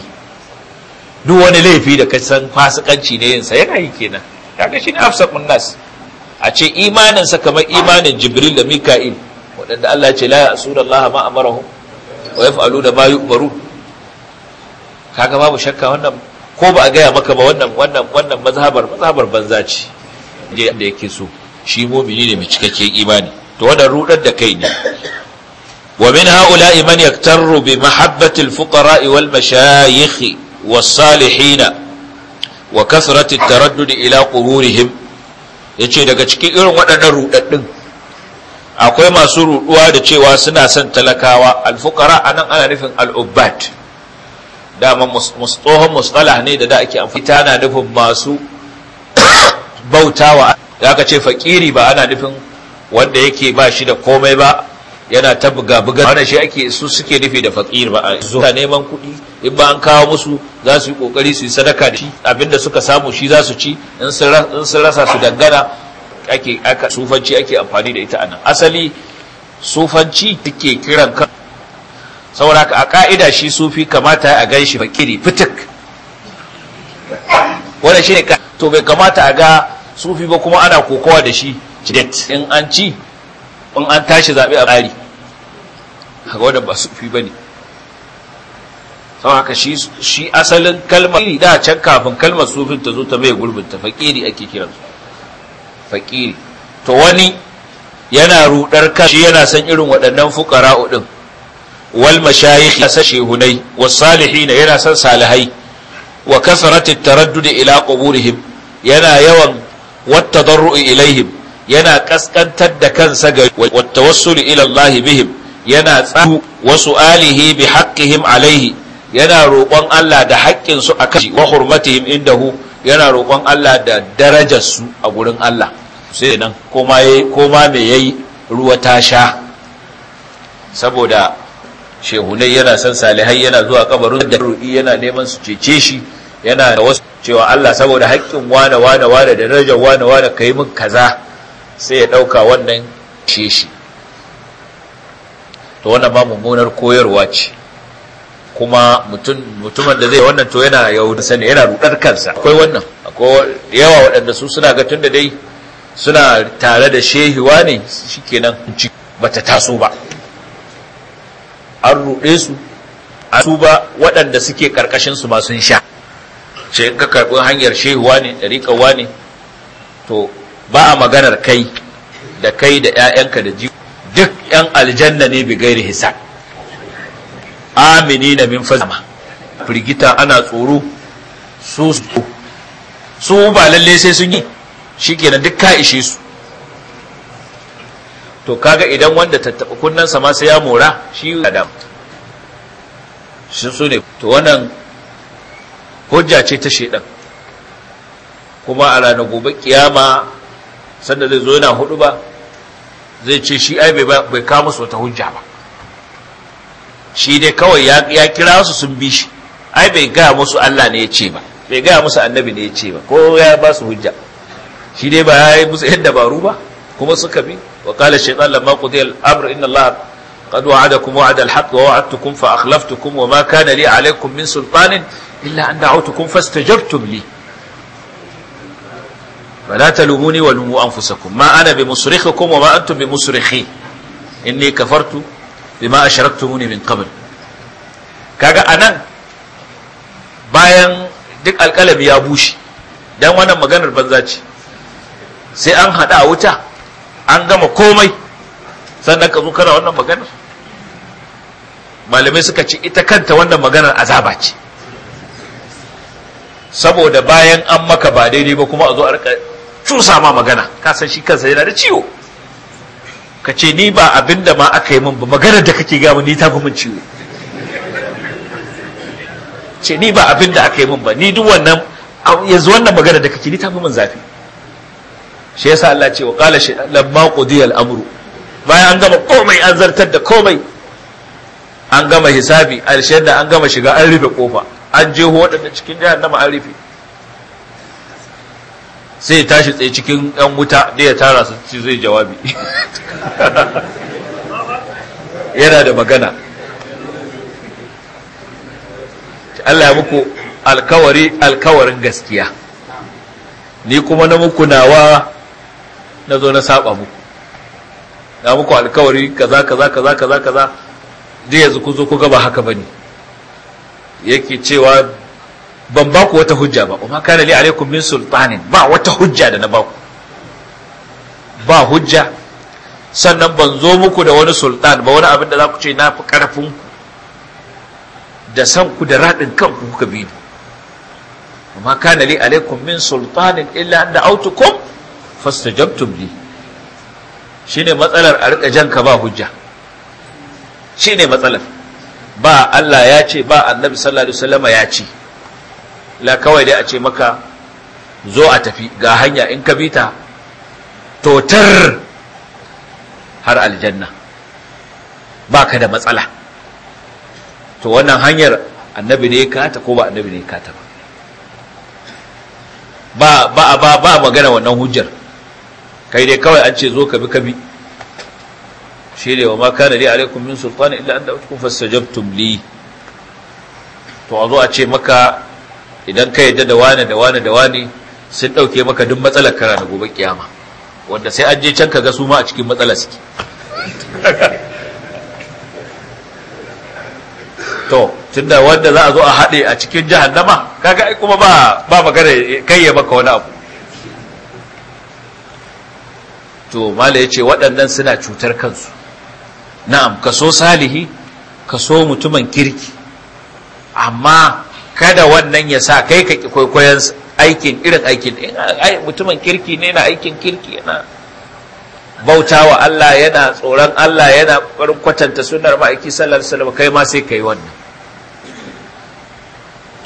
duk wani laifi da ka san fasikanci ne yinsa yana yi kenan kaga shi ne afsaqun nas a ce imaninsa kamar imanin jibril da mika'il waɗanda Allah ce la ya'suna Allah ma amarahum wa yaf'aluna ma yu'maru kaga babu shakka wannan ko ba a gaya maka ba wannan wannan wannan mazhabar mazhabar banza ce da yake so shi mumini ne mai cikakken imani to wannan rudar da kai ne wa min ha'ula, man yaktaru bi mahabbati al wal mashayikh was salihin wa kasrati at-taraddud ila quburihim yace daga cikin irin waɗannan rudaddin akwai masu ruduwa da cewa suna son talakawa al anan ana nufin al'ubbat. dama tsohon mustalah ne da da ake amfani na nufin masu bautawa da aka ce fakiri ba ana nufin wanda yake ba shi da komai ba yana ta buga-buga wanda shi ake su suke nufi da fakir ba a zuwa neman kuɗi in ba an kawo musu za su yi ƙoƙari su yi sadaka da shi abinda suka samu shi za su ci in sun rasa su dangana ake aka sufanci ake amfani da ita anan asali sufanci take kiran kan saboda a ka'ida shi sufi kamata a gan shi fakiri fitik wanda shi ne to bai kamata a ga sufi ba kuma ana kokowa da shi cidet in an ci in an tashi zaɓe a a ga wadda ba sufi ba ne sau haka shi asalin kalmar da can kafin kalmar sufin ta zo ta mai gurbinta fakiri ake kiransu fakiri to wani yana rudar kashi yana san irin waɗannan fukara uɗin. wal mashayikh ya san shehunai was salihin yana san salihai wa kasratu taraddud ila quburihim yana yawan wattadarru ilaihim yana kaskantar da kansa ga wattawassul ila Allah bihim yana tsaru wasu alihi bi haqqihim alaihi yana roƙon Allah da haƙƙin su a kashi wa hurmatihim indahu yana roƙon Allah da darajar su a gurin Allah sai nan koma me yayi ruwa ta sha saboda shehunai yana san salihai yana zuwa kabarin da ru'i yana neman su cece shi yana da wasu cewa Allah saboda haƙƙin wane wane wane da darajar wane wane yi min kaza sai ya ɗauka wannan ce shi to wannan ma mummunar koyarwa ce kuma mutumin da zai wannan to yana da sani yana rudar kansa akwai wannan akwai yawa waɗanda su suna ga tunda dai suna tare da shehiwa ne shikenan bata taso ba an ruɗe su a su ba waɗanda suke ƙarƙashin su ba sun sha ce in ka karɓi hanyar shehuwa ne ɗariƙawa ne to ba a maganar kai da kai da 'ya'yanka da ji duk 'yan aljanna ne bi gairi hisa amini na min fazama firgita ana tsoro su su ba lalle sai sun yi shi shikenan duk ka ishe su to kaga idan wanda tattaɓa kunnensa ma sai ya mora shi adam shi su ne to wannan hujja ce ta shaidan kuma a ranar gobe kiyama sanda zai zo yana hudu ba zai ce shi ai bai kama su wata hujja ba shi dai kawai ya kira su sun bi shi ai bai gaya musu Allah ne ya ce ba bai gaya musu annabi ne ya ce ba ko ya ba su hujja shi dai ba ya yi musu yadda baru ba kuma suka bi wa qala shaytan lamma qudiya al-amr inna Allah qad wa'adakum wa'ada al-haqq wa wa'adtukum fa akhlaftukum wa ma kana li alaykum min sultanin illa an da'awtukum fastajabtum li فلا تلوموني ولوموا أنفسكم ما أنا بمصرخكم وما أنتم بمصرخي إني كفرت بما أشركتموني من قبل كاقا anan bayan duk alƙalami ya bushe dan wannan maganar banza ce sai an haɗa a wuta an gama komai sannan ka zo kana wannan maganar malamai suka ce ita kanta wannan maganar azaba ce saboda bayan an maka ba daidai ba kuma a zo a rika cusa ma magana ka san shi kansa yana da ciwo ka ce ni ba abin da ma aka yi min ba maganar da kake gama ni ta fi min ciwo ce ni ba abin da aka yi min ba ni duk wannan yanzu wannan maganar da kake ni ta fi min zafi shi yasa Allah ce wa shi dan ma qudiyal amru bayan an gama komai an zartar da komai an gama hisabi da an gama shiga an rufe kofa an jeho wadanda cikin nama an rufe sai ya tashi tsaye cikin yan wuta da ya tara su ci zai jawabi yana da magana Allah ya muku alkawari alkawarin gaskiya ni kuma na muku nawa na zo na saba muku na muku alkawari kaza kaza kaza kaza kaza da yanzu ku zo ku gaba haka bane yake cewa ban ba ku wata hujja ba kuma kana li alaikum min sultanin ba wata hujja da na ba ku ba hujja sannan ban zo muku da wani sultan ba wani abin da za ku ce na fi karfin ku da san ku da radin kanku kuka bi ni amma kana li alaikum min sultanin illa an da'autukum fastajabtum li shine matsalar a rika janka ba hujja shine matsalar ba Allah ya ce ba Annabi sallallahu alaihi ya ce la kawai dai a ce maka zo a tafi ga hanya in ka bita totar har aljanna baka da matsala to wannan hanyar annabi ne ya kata ko ba annabi ne ya kata ba ba ba ba magana wannan hujjar kai dai kawai an ce zo ka bi ka bi shi ne wa ma kana li alaikum min sultani illa an da'utukum fastajabtum li to a zo a ce maka idan ka yadda da wani da wani da wani sun dauke maka duk matsalar kara na gobe kiyama wanda sai an je can ka ga su ma a cikin matsalar suke to tunda wanda za a zo a haɗe a cikin jahannama kaga ai kuma ba ba magana kai ya maka wani abu to mala ya ce waɗannan suna cutar kansu na'am ka so salihi ka so mutumin kirki amma kada wannan ya sa kai ka kwaikwayon aikin irin aikin mutumin kirki ne na aikin kirki yana bauta wa Allah yana tsoron Allah yana ƙwarin kwatanta sunar ma'aiki sallar salama kai ma sai ka yi wannan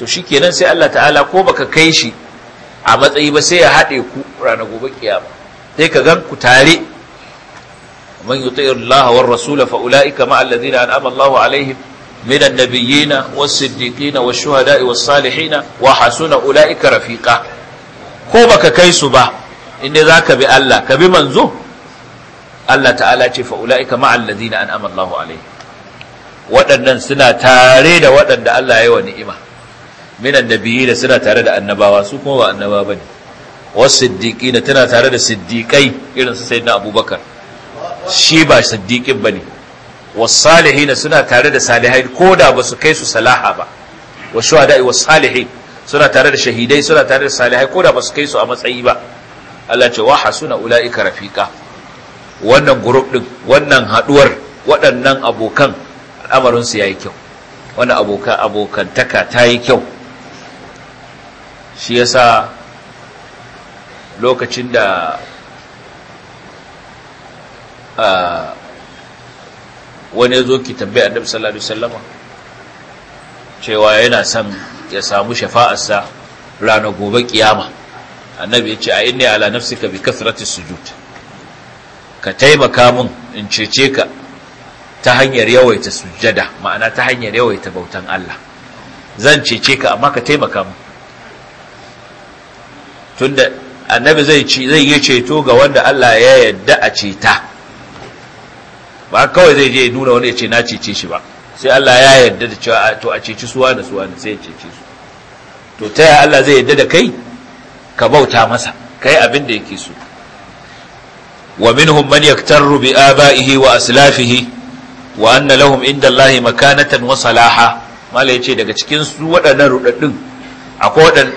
to shi kenan sai Allah ta'ala ko baka kai shi a matsayi ba sai ya haɗe ku rana gobe kiyama sai ka gan ku tare man yuti Allah war rasul fa ulaika ma alladhina an'ama Allah alaihim min an-nabiyyin was-siddiqin wash-shuhada'i was-salihin wa hasuna ulaika rafiqa ko baka kai su ba inda zaka bi Allah ka bi manzo Allah ta'ala ce fa ulaika ma alladhina an'ama Allah alaihim waɗannan suna tare da waɗanda Allah ya yi wa ni'ima minan nabiyyi da suna tare da annabawa su kuma ba annaba bane wasu siddiƙina tana tare da siddiƙai irin su sai na abubakar shi ba siddiƙin ba ne wasu salihina suna tare da salihai ko da ba su kai su salaha ba wa shuhada'i Wasu Salihi suna tare da shahidai suna tare da salihai ko da ba su kai su a matsayi ba Allah ce wa hasuna ula'ika rafiqa wannan group din wannan haduwar waɗannan abokan al'amarin su yayi kyau wannan abokan abokantaka ta yi kyau shi yasa lokacin da wani zo ki tambaya annabi sallallahu alaihi cewa yana son ya samu shafa'arsa ranar gobe kiyama annabi ya ce a inni ala nafsika bi kasratis sujud ka taimaka mun in cece ka ta hanyar yawaita sujjada ma'ana ta hanyar yawaita bautan Allah zan cece ka amma ka taimaka mun tunda annabi zai yi ceto ga wanda Allah ya yadda a ceta ba kawai zai je nuna wani ya ce na cece shi ba sai Allah ya yadda da cewa to a ceci suwa da suwa sai ya cece su to ta yaya Allah zai yadda da kai ka bauta masa kai abin da yake so wa minhum man yaktaru bi abaihi wa aslafihi wa anna lahum inda Allah makanatan wa salaha mala yace daga cikin su waɗannan rudaddin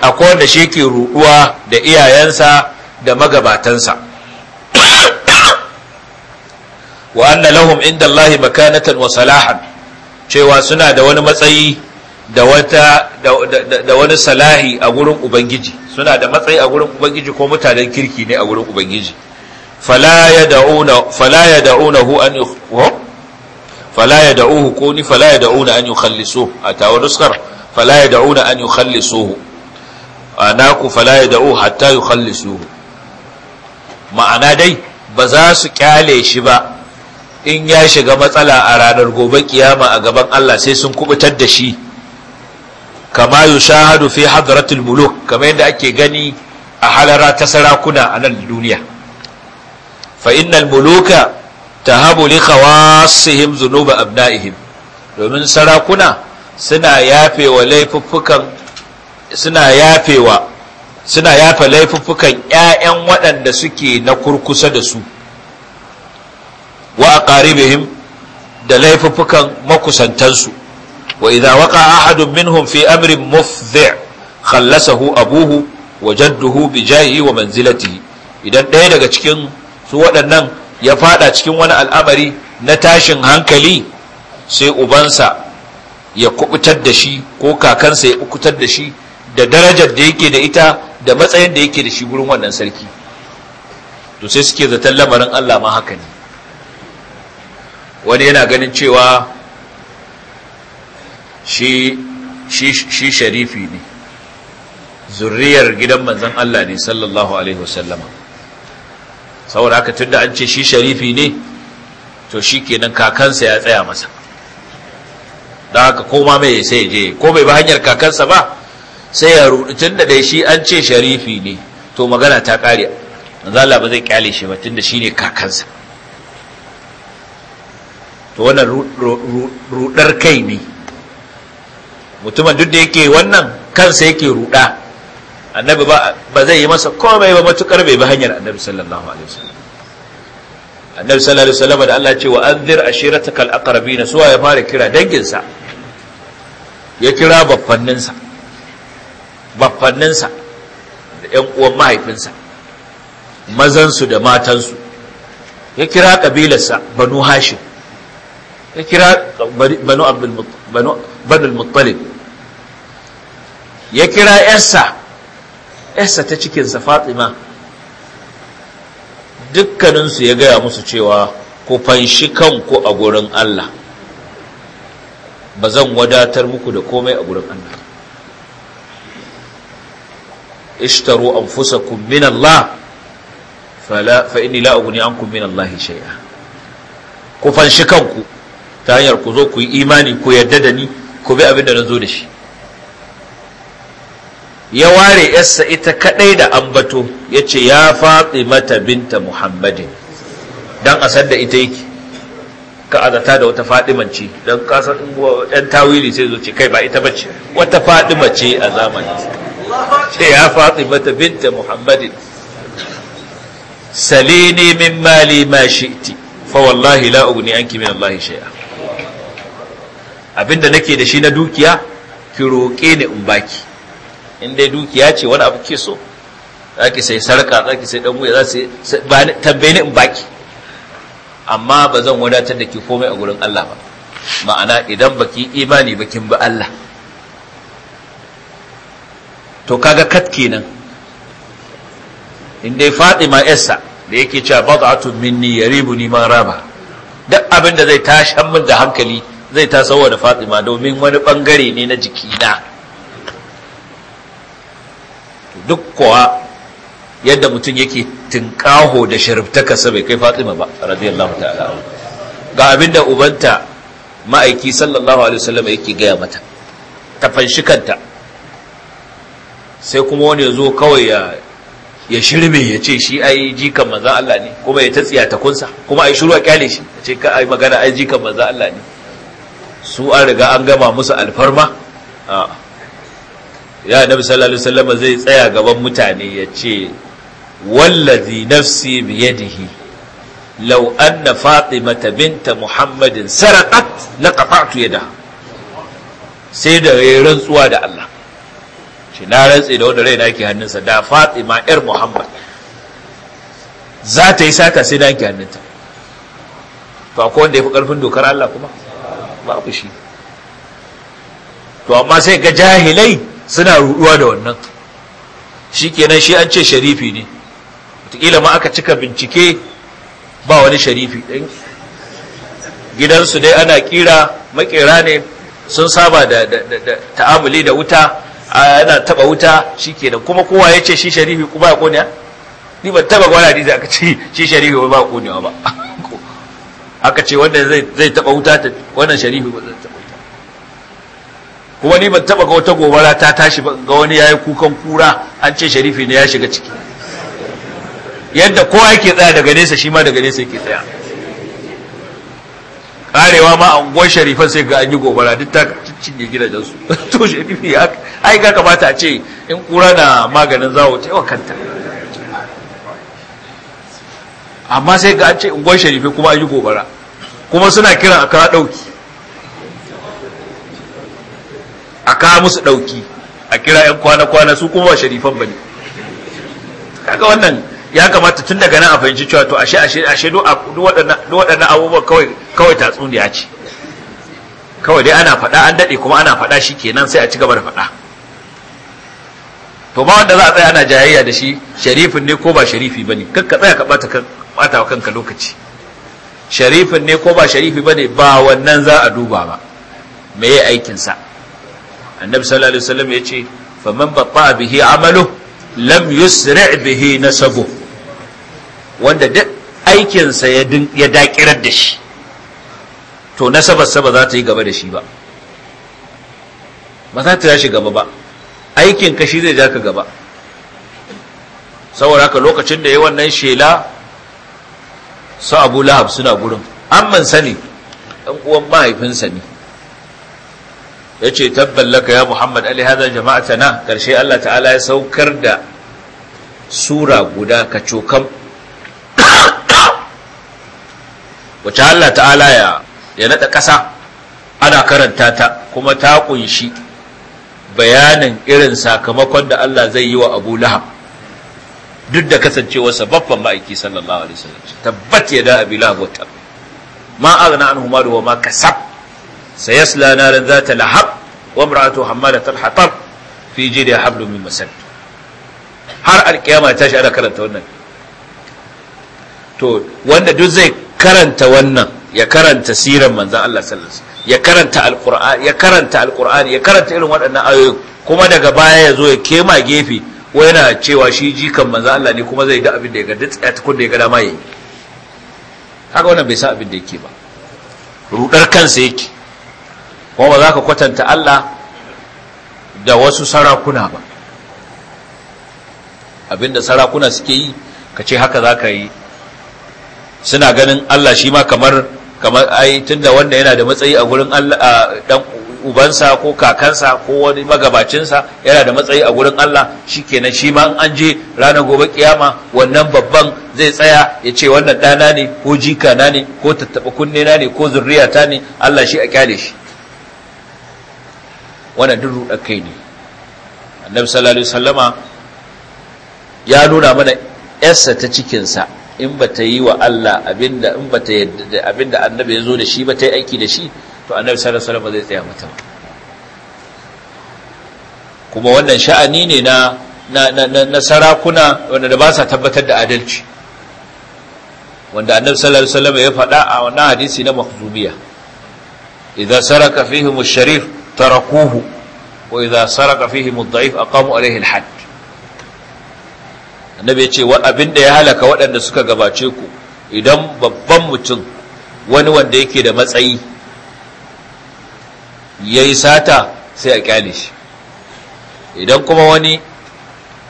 akwai wanda shi ke ruɗuwa da iyayensa da magabatansa wa anna lahum inda Allahi makanatan wa salahan cewa suna da wani matsayi da wata da wani salahi a wurin ubangiji suna da matsayi a gurin ubangiji ko mutanen kirki ne a wurin ubangiji fala yad'unahu an fala yad'uhu kuni fala yad'una an yukhallisu a tawaduskar fala ya da'una an yukhallisuhu anaku fala ya da'u hatta yukhallisuhu ma'ana dai ba za su ƙyale shi ba in ya shiga matsala a ranar gobe ƙiyama a gaban Allah sai sun kubutar da shi kama yushahadu fi hadratul muluk kamar yadda ake gani a halara ta sarakuna a nan duniya fa innal muluka tahabu li khawassihim dhunuba abna'ihim domin sarakuna suna yafewa suna yafewa yafa laifuffukan yayan waɗanda suke na kurkusa da su wa aqaribihim da laifuffukan makusantansu wa idza waka ahadun minhum fi amrin mufdhi' khallasahu abuhu wa jadduhu bi jahi wa manzilatihi idan ɗaya daga cikin su waɗannan ya fada cikin wani al'amari na tashin hankali sai ubansa ya kubutar da shi ko kakansa ya kubutar da shi da darajar da yake da ita da matsayin da yake da shi gurin wannan sarki to sai suke zaton lamarin Allah ma haka ne wani yana ganin cewa shi shi sharifi ne zuriyar gidan manzon Allah ne sallallahu alaihi wasallama saboda haka tunda an ce shi sharifi ne to shikenan kakansa ya tsaya masa da haka koma mai sai je ko bai ba hanyar kakansa ba sai ya rudu tun da dai shi an ce sharifi ne to magana ta kare zalla ba zai kyale shi ba tun da shi ne kakansa to wannan rudar kai ne mutumin duk da yake wannan kansa yake ruda annabi ba zai yi masa komai ba matukar bai bi hanyar annabi sallallahu alaihi wasallam annabi sallallahu alaihi wasallam da Allah ya ce wa anzir ashiratakal aqrabina suwa ya fara kira danginsa ya kira baffanninsa baffanninsa da ‘yan uwan mahaifinsa mazansu da matansu ya kira kabilarsa banu hashim ya kira banu abdulmuttalib ya kira ‘yarsa ‘yarsa ta cikinsa fatima dukkaninsu ya gaya musu cewa ku fanshi kanku a gurin Allah ba zan wadatar muku da komai a gurin Allah ishtaru anfusakum min Allah fala fa inni la ughni ankum min Allah shay'a ku fanshi kanku ta hanyar ku zo ku yi imani ku yarda da ni ku bi abin da na zo da shi ya ware yarsa ita kadai da ambato ya ce ya fatimata binta muhammadin Dan a da ita yake ka azata da wata fadiman ce don kasar ɗan tawili sai zo ce kai ba ita bace wata fadima ce a zamanin ce ya mata binta muhammadin salini min mali ma shi'ti fa wallahi la ugni anki min allahi shay'a abinda nake da shi na dukiya ki roƙe ni in baki in dai dukiya ce wani abu ke so zaki sai sarka zaki sai dan wuya za su tambaye ni in baki amma ba zan wadatar da ke komai a gurin Allah ba ma'ana idan baki imani bakin bi Allah to kaga kat kenan in dai Fatima yarsa da yake cewa bad'atun minni yaribuni ma raba duk abin da zai tashan min da hankali zai tasowa da Fatima domin wani bangare ne na jikina duk kuwa yadda mutum yake tinkaho da shariftakarsa bai kai fatima ba radiyallahu ta'ala ga abinda ubanta ma'aiki sallallahu alaihi wasallam yake gaya mata ta fanshi kanta sai kuma wani ya zo kawai ya shirme ya ce shi ai jikan maza Allah ne kuma ya tatsiya ta kunsa kuma ai shiru a kyale shi ya ce ka ai magana ai jikan maza Allah ne su an riga an gama musu alfarma ya nabi sallallahu alaihi wasallam zai tsaya gaban mutane ya ce wallazi nafsi biyadihi lau'anna anna fatimata binta muhammadin sarqat laqata'tu yadaha sai da ya rantsuwa da Allah shi na rantsi da wanda raina ke hannunsa da fatima yar muhammad za ta yi saka sai na ke hannunta to akwai wanda ya fi karfin dokar Allah kuma babu shi to amma sai ga jahilai suna ruɗuwa da wannan shi shi an ce sharifi ne tukila ma aka cika bincike ba wani sharifi ɗin gidansu dai ana kira makera ne sun saba da ta'amuli da wuta ana taba wuta shi kenan. kuma kowa ya ce shi sharifi kuma ya koniya ni ban taba gwada ni aka ce shi sharifi ba koniya ba aka ce wanda zai taba wuta ta, wannan sharifi ba zai taba wuta kuma ni ban taba ga wata gobara ta tashi ba ga wani ya yi kukan kura an ce sharifi ne ya shiga ciki yadda kowa yake tsaya daga nesa shi ma daga nesa yake tsaya karewa ma anguwar sharifan sai ga an yi gobara duk ta cinye gina jansu to sharifi ya ai ga kamata a ce in kura na maganin zawo ta wa kanta amma sai ga an ce unguwar sharifi kuma an yi gobara kuma suna kiran a kawo ɗauki a kawo musu ɗauki a kira 'yan kwana-kwana su kuma ba sharifan ba ne kaga wannan ya kamata tun daga nan a fahimci cewa to ashe ashe ashe duk waɗannan abubuwan kawai kawai tatsuniya ce kawai dai ana faɗa an daɗe kuma ana faɗa shi kenan sai a ci gaba da faɗa to ba wanda za a tsaya ana jayayya da shi sharifin ne ko ba sharifi bane kar ka tsaya ka bata kan bata wa kanka lokaci sharifin ne ko ba sharifi bane ba wannan za a duba ba me yayi aikin sa annabi sallallahu alaihi wasallam yace faman batta bihi amalu lam yusri bihi nasabuhu wanda duk aikinsa ya daƙirar da shi to nasabarsa ba za ta yi gaba da shi ba ba za ta tashi gaba ba aikin kashi zai ja ka gaba saboda haka lokacin da ya wannan shela su abu lahab suna gurin amman sani ɗan uwan mahaifinsa ne ya ce tabbalaka ya muhammad ali haza jama'a tana, ƙarshe allah ta'ala ya saukar da sura guda ka cokam wacce Allah ta'ala ya ya nada ƙasa ana karanta ta kuma ta kunshi bayanin irin sakamakon da Allah zai yi wa Abu Lahab duk da kasancewarsa babban ma'aiki sallallahu alaihi wasallam tabbat ya da Abi Lahab wata ma aghna anhu malu wa ma kasab sayasla naran zata lahab wa imra'atu hammalatal hatab fi jidha hablum min masad har alkiyama ta shi ana karanta wannan to wanda duk zai karanta wannan ya karanta siran manzan Allah sallallahu ya karanta alquran ya karanta alquran ya karanta irin waɗannan ayoyin kuma daga baya ya zo ya kema gefe wai yana cewa shi jikan manzan Allah ne kuma zai da abin da ya ga duk tsaya tukun da ya ga dama yi. haka wannan bai sa abin da yake ba rudar kansa yake kuma ba za ka kwatanta Allah da wasu sarakuna ba abinda sarakuna suke yi ka ce haka za ka yi suna ganin Allah shi ma kamar kamar ai tunda wanda yana da matsayi a gurin Allah dan ubansa ko kakansa ko wani magabacinsa yana da matsayi a gurin Allah shikenan shi ma an je ranar gobe kiyama wannan babban zai tsaya ya ce wannan ɗana ne ko jika na ne ko tattaɓa kunne ne ko zurriyata ne Allah shi a kyale shi wannan duk ruɗa kai ne annabi sallallahu alaihi wasallama ya nuna mana yarsa ta cikinsa in ba ta yi wa Allah abinda in ba ta yadda abinda annabi ya zo da shi ba ta yi aiki da shi to annabi sallallahu ba zai tsaya mata kuma wannan sha'ani ne na na sarakuna wanda da ba sa tabbatar da adalci wanda annabi sallallahu alaihi wasallam ya faɗa a wannan hadisi na mahzubiya idza saraka fihim ash-sharif tarakuhu wa idza saraka fihim ad-da'if aqamu alaihi al annabi ya ce abin da ya halaka waɗanda suka gabace ku idan babban mutum wani wanda yake da matsayi ya yi sata sai a kyale shi idan kuma wani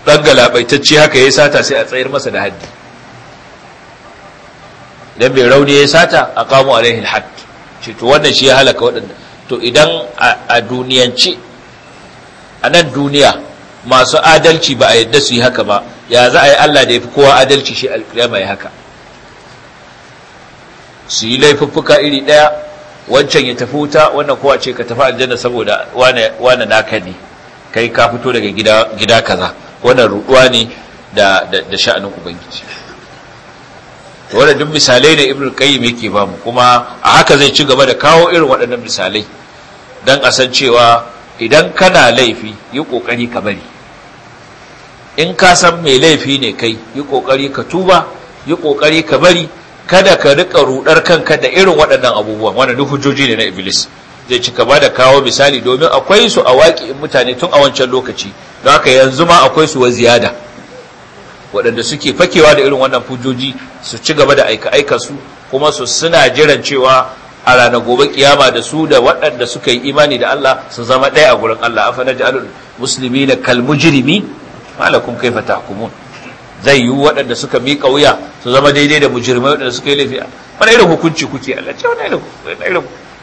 ɗan galabaitacce haka ya yi sata sai a tsayar masa da haddi idan mai rauni ya yi sata a kamo a haddi ce to wannan shi ya halaka waɗanda to idan a duniyanci a nan duniya masu adalci ba a yadda su yi haka ba ya za a yi Allah da ya fi kowa adalci shi alkiyama ya haka su yi laifuffuka iri ɗaya wancan ya tafi wuta wannan kowa ce ka tafi aljanna saboda wane naka ne kai ka fito daga gida kaza wannan ruɗuwa ne da sha'anin ubangiji wadda duk misalai ne ibn qayyim yake ba mu kuma a haka zai ci gaba da kawo irin waɗannan misalai don a san cewa idan kana laifi yi ƙoƙari ka bari in ka san mai laifi ne kai yi ƙoƙari ka tuba yi ƙoƙari ka bari kada ka rika rudar kanka da irin waɗannan abubuwan wannan duk hujjoji ne na iblis zai cika ba da kawo misali domin akwai su a waƙi mutane tun a wancan lokaci don haka yanzu ma akwai su wa ziyada waɗanda suke fakewa da irin wannan hujjoji su ci gaba da aika su kuma su suna jiran cewa a ranar gobe kiyama da su da waɗanda suka yi imani da Allah su zama ɗaya a gurin Allah afa naj'alul muslimina kal malakum kaifa tahkumun zai yi waɗanda suka miƙa wuya su zama daidai da mujirmai waɗanda suka yi laifi wani irin hukunci kuke Allah ce wani irin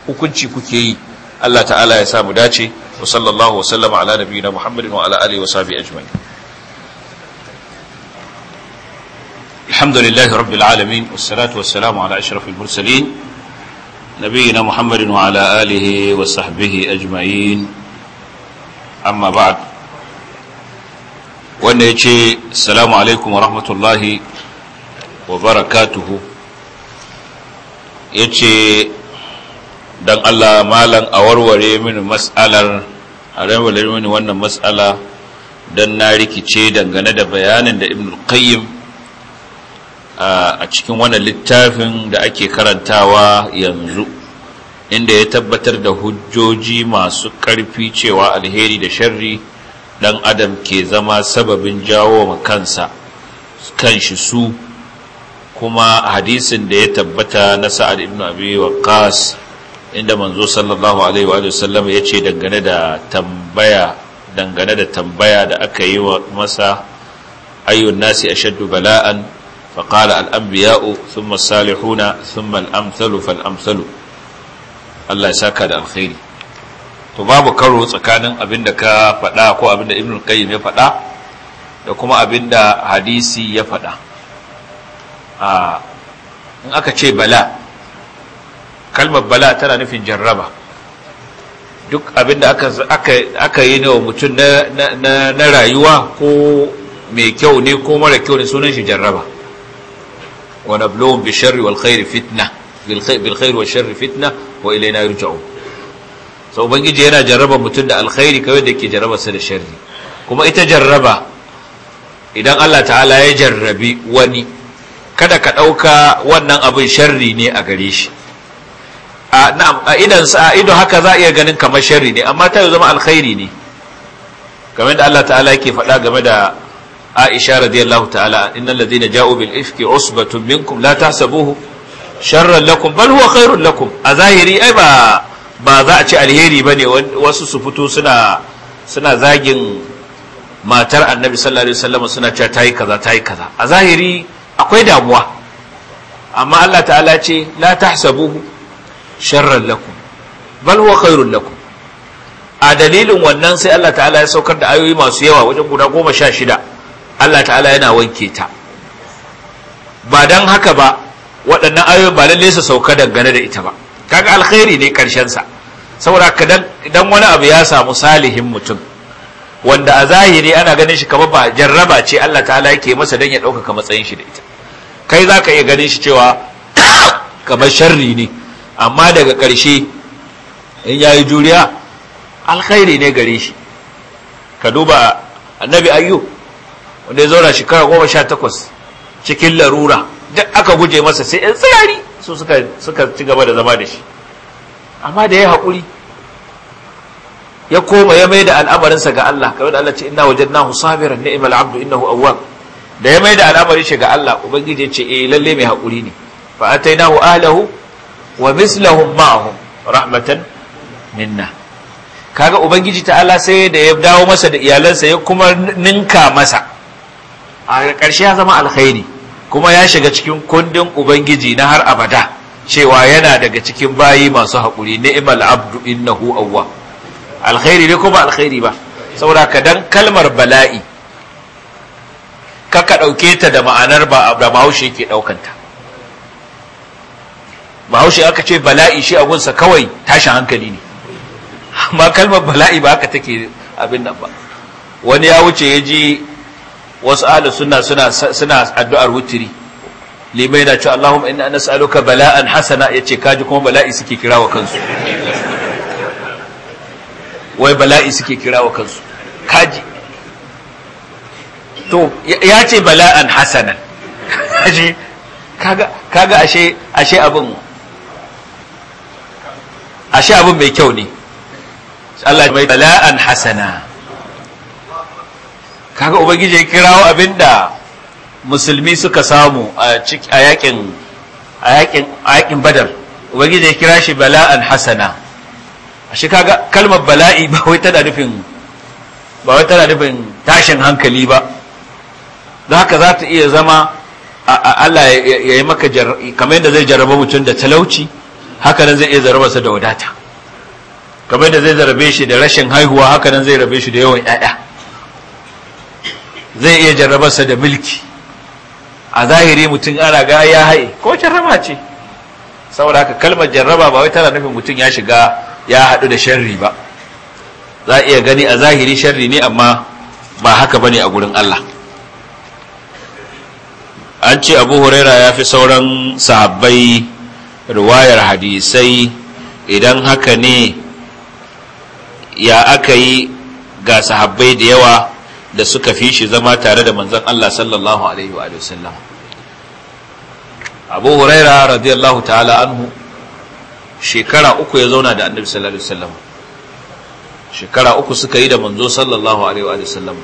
hukunci kuke yi Allah ta'ala ya samu dace wa sallallahu wa sallama ala nabiyina Muhammadin wa ala alihi wa sahbihi ajma'in alhamdulillahi rabbil alamin wassalatu wassalamu ala ashrafil mursalin nabiyina Muhammadin wa ala alihi wa sahbihi ajma'in amma ba'd wanda ya ce salamu alaikum wa rahmatullahi wa barakatuhu ya ce don Allah malam a warware mini matsalar a warware mini wannan matsala don na rikice dangane da bayanin da ibn qayyim a cikin wannan littafin da ake karantawa yanzu inda ya tabbatar da hujjoji masu ƙarfi cewa alheri da sharri dan adam ke zama sababin jawo ma kansa kanshi su kuma hadisin da ya tabbata na sa'ad ibn abi Waqas, inda manzo sallallahu alaihi wa sallam yace dangane da tambaya dangane da tambaya da aka yi wa masa ayyun nasi ashaddu bala'an faqala al-anbiya'u thumma as-salihuna thumma al-amthalu fal-amthalu Allah ya saka da alkhairi to babu karo tsakanin abin da ka faɗa ko abin da ibn qayyim ya faɗa da kuma abin da hadisi ya faɗa in aka ce bala kalmar bala tana nufin jarraba duk abinda da aka yi na mutum na rayuwa ko mai kyau ne ko mara kyau ne sunan shi jarraba fitna, bil والخير wal sharri fitna wa ilayna yurja'un sau ubangiji yana jarraba mutum da alkhairi kawai da ke jarraba su da sharri kuma ita jarraba idan Allah ta'ala ya jarrabi wani kada ka ɗauka wannan abin sharri ne a gare shi a ido haka za a iya ganin kamar sharri ne amma ta zama alkhairi ne game da Allah ta'ala yake faɗa game da Aisha radiyallahu ta'ala inna ladina ja'u bil ifki usbatun minkum la tahsabuhu sharran lakum bal huwa khairun lakum a zahiri ai ba ba za a ci alheri ba ne wasu su fito suna zagin matar annabi sallallahu alaihi wasallam suna cewa tayi kaza tayi kaza a zahiri akwai damuwa amma Allah ta'ala ce la tahsabuhu sharran lakum bal huwa khairul lakum a dalilin wannan sai Allah ta'ala ya saukar da ayoyi masu yawa wajen guda goma sha shida Allah ta'ala yana wanke ta ba don haka ba waɗannan ayoyi ba lallai su sauka dangane da ita ba kaga alkhairi ne karshen sa saboda idan wani abu ya samu salihin mutum wanda a zahiri ana ganin shi kamar ba jarraba ce Allah ta'ala yake masa dan ya ɗaukaka matsayin shi da ita kai za iya ganin shi cewa kamar sharri ne amma daga karshe in ya juriya alkhairi ne gare shi ka duba annabi ayyu wanda ya zauna shekara goma sha takwas cikin larura duk aka guje masa sai yan tsirari su suka ci gaba da zama da shi amma da ya haƙuri ya koma ya mai da al'amarinsa ga Allah kamar da Allah ce inna wajadnahu sabiran ni'mal abdu innahu awwab da ya mai da al'amarin shi ga Allah ubangiji ya ce eh lalle mai haƙuri ne fa atainahu ahlahu wa mislahum ma'ahum rahmatan minna kaga ubangiji ta Allah sai da ya dawo masa da iyalansa ya kuma ninka masa a ƙarshe ya zama alkhairi kuma ya shiga cikin kundin ubangiji na har abada cewa yana daga cikin bayi masu haƙuri ni'mal abdu innahu awwa alkhairi ne kuma alkhairi ba saboda ka dan kalmar bala'i kaka ɗauke ta da ma'anar ba da mahaushe ke ɗaukanta mahaushe aka ce bala'i shi abunsa kawai tashin hankali ne amma kalmar bala'i ba haka take abin nan ba wani ya wuce ya ji wasu ahlus suna suna addu'ar wutiri limai na ce Allahumma inna nas'aluka bala'an hasana ce kaji kuma bala'i suke kira wa kansu wai bala'i suke kira wa kansu kaji to ya ce bala'an hasana kaga ashe ashe abin ashe abin mai kyau ne Allah mai bala'an hasana kaga ubangiji ya kirawo abinda musulmi suka samu a yakin a yakin a badar ubangiji ya kira shi bala'an hasana shi kaga kalmar bala'i ba wai tana nufin ba wai tana nufin tashin hankali ba don haka za ta iya zama Allah ya yi maka kamar yadda zai jarraba mutum da talauci haka nan zai iya jarraba sa da wadata kamar yadda zai zarrabe shi da rashin haihuwa haka nan zai rabe shi da yawan 'ya'ya zai iya jarrabarsa da milki a zahiri mutum ana ga ya haye ko jarraba ce saboda haka kalmar jarraba ba wai tana nufin mutum ya shiga ya haɗu da sharri ba za a iya gani a zahiri sharri ne amma ba haka bane a gurin Allah an ce abu huraira ya fi sauran sahabbai ruwayar hadisai idan haka ne ya aka yi ga sahabbai da yawa da suka fi shi zama tare da manzon Allah sallallahu alaihi wa sallam Abu Huraira radiyallahu ta'ala anhu shekara uku ya zauna da Annabi sallallahu alaihi shekara uku suka yi da manzo sallallahu alaihi wa sallam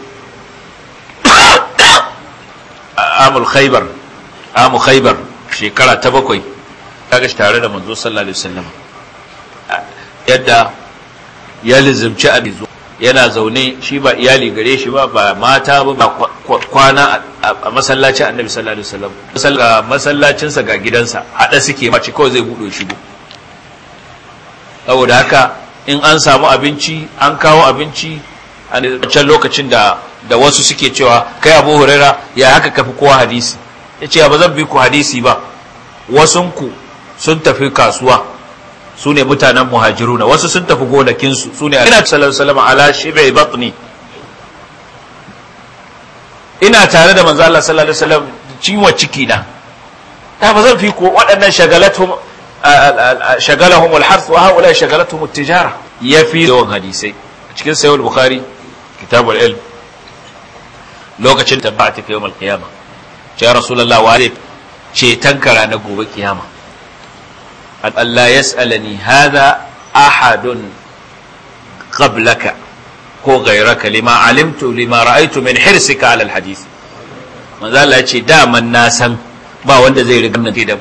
amul khaybar khaybar shekara ta bakwai kaga tare da manzo sallallahu alaihi yadda ya lizimci zuwa. yana zaune shi ba iyali gare shi ba ba mata ba ba kwana a masallacin annabi sallallahu alaihi wasallam ga masallacinsa ga gidansa hada suke mace kawai zai budo shigo saboda haka in an samu abinci an kawo abinci a can lokacin da da wasu suke cewa kai abu huraira ya haka kafi kowa hadisi yace ba zan bi ku hadisi ba wasunku sun tafi kasuwa su ne mutanen muhajiruna wasu sun tafi gonakinsu su ne ina salama ala shibe batni ina tare da manzo Allah sallallahu alaihi wasallam ciwo ciki na ta ba zan fi ko waɗannan shagalatu shagalahum al-harth wa haula shagalatuhum at-tijara yafi yawan hadisai cikin sahih al-bukhari kitab al-ilm lokacin yawm al-qiyamah ya rasulullah wa ce tankara na gobe kiyama Allah ya tsalani haza ahadun qablaka ko gairaka lima alimtu lima ra'aitu min hirsika alal hadisi manzo Allah ya ce daman na san ba wanda zai riga nan da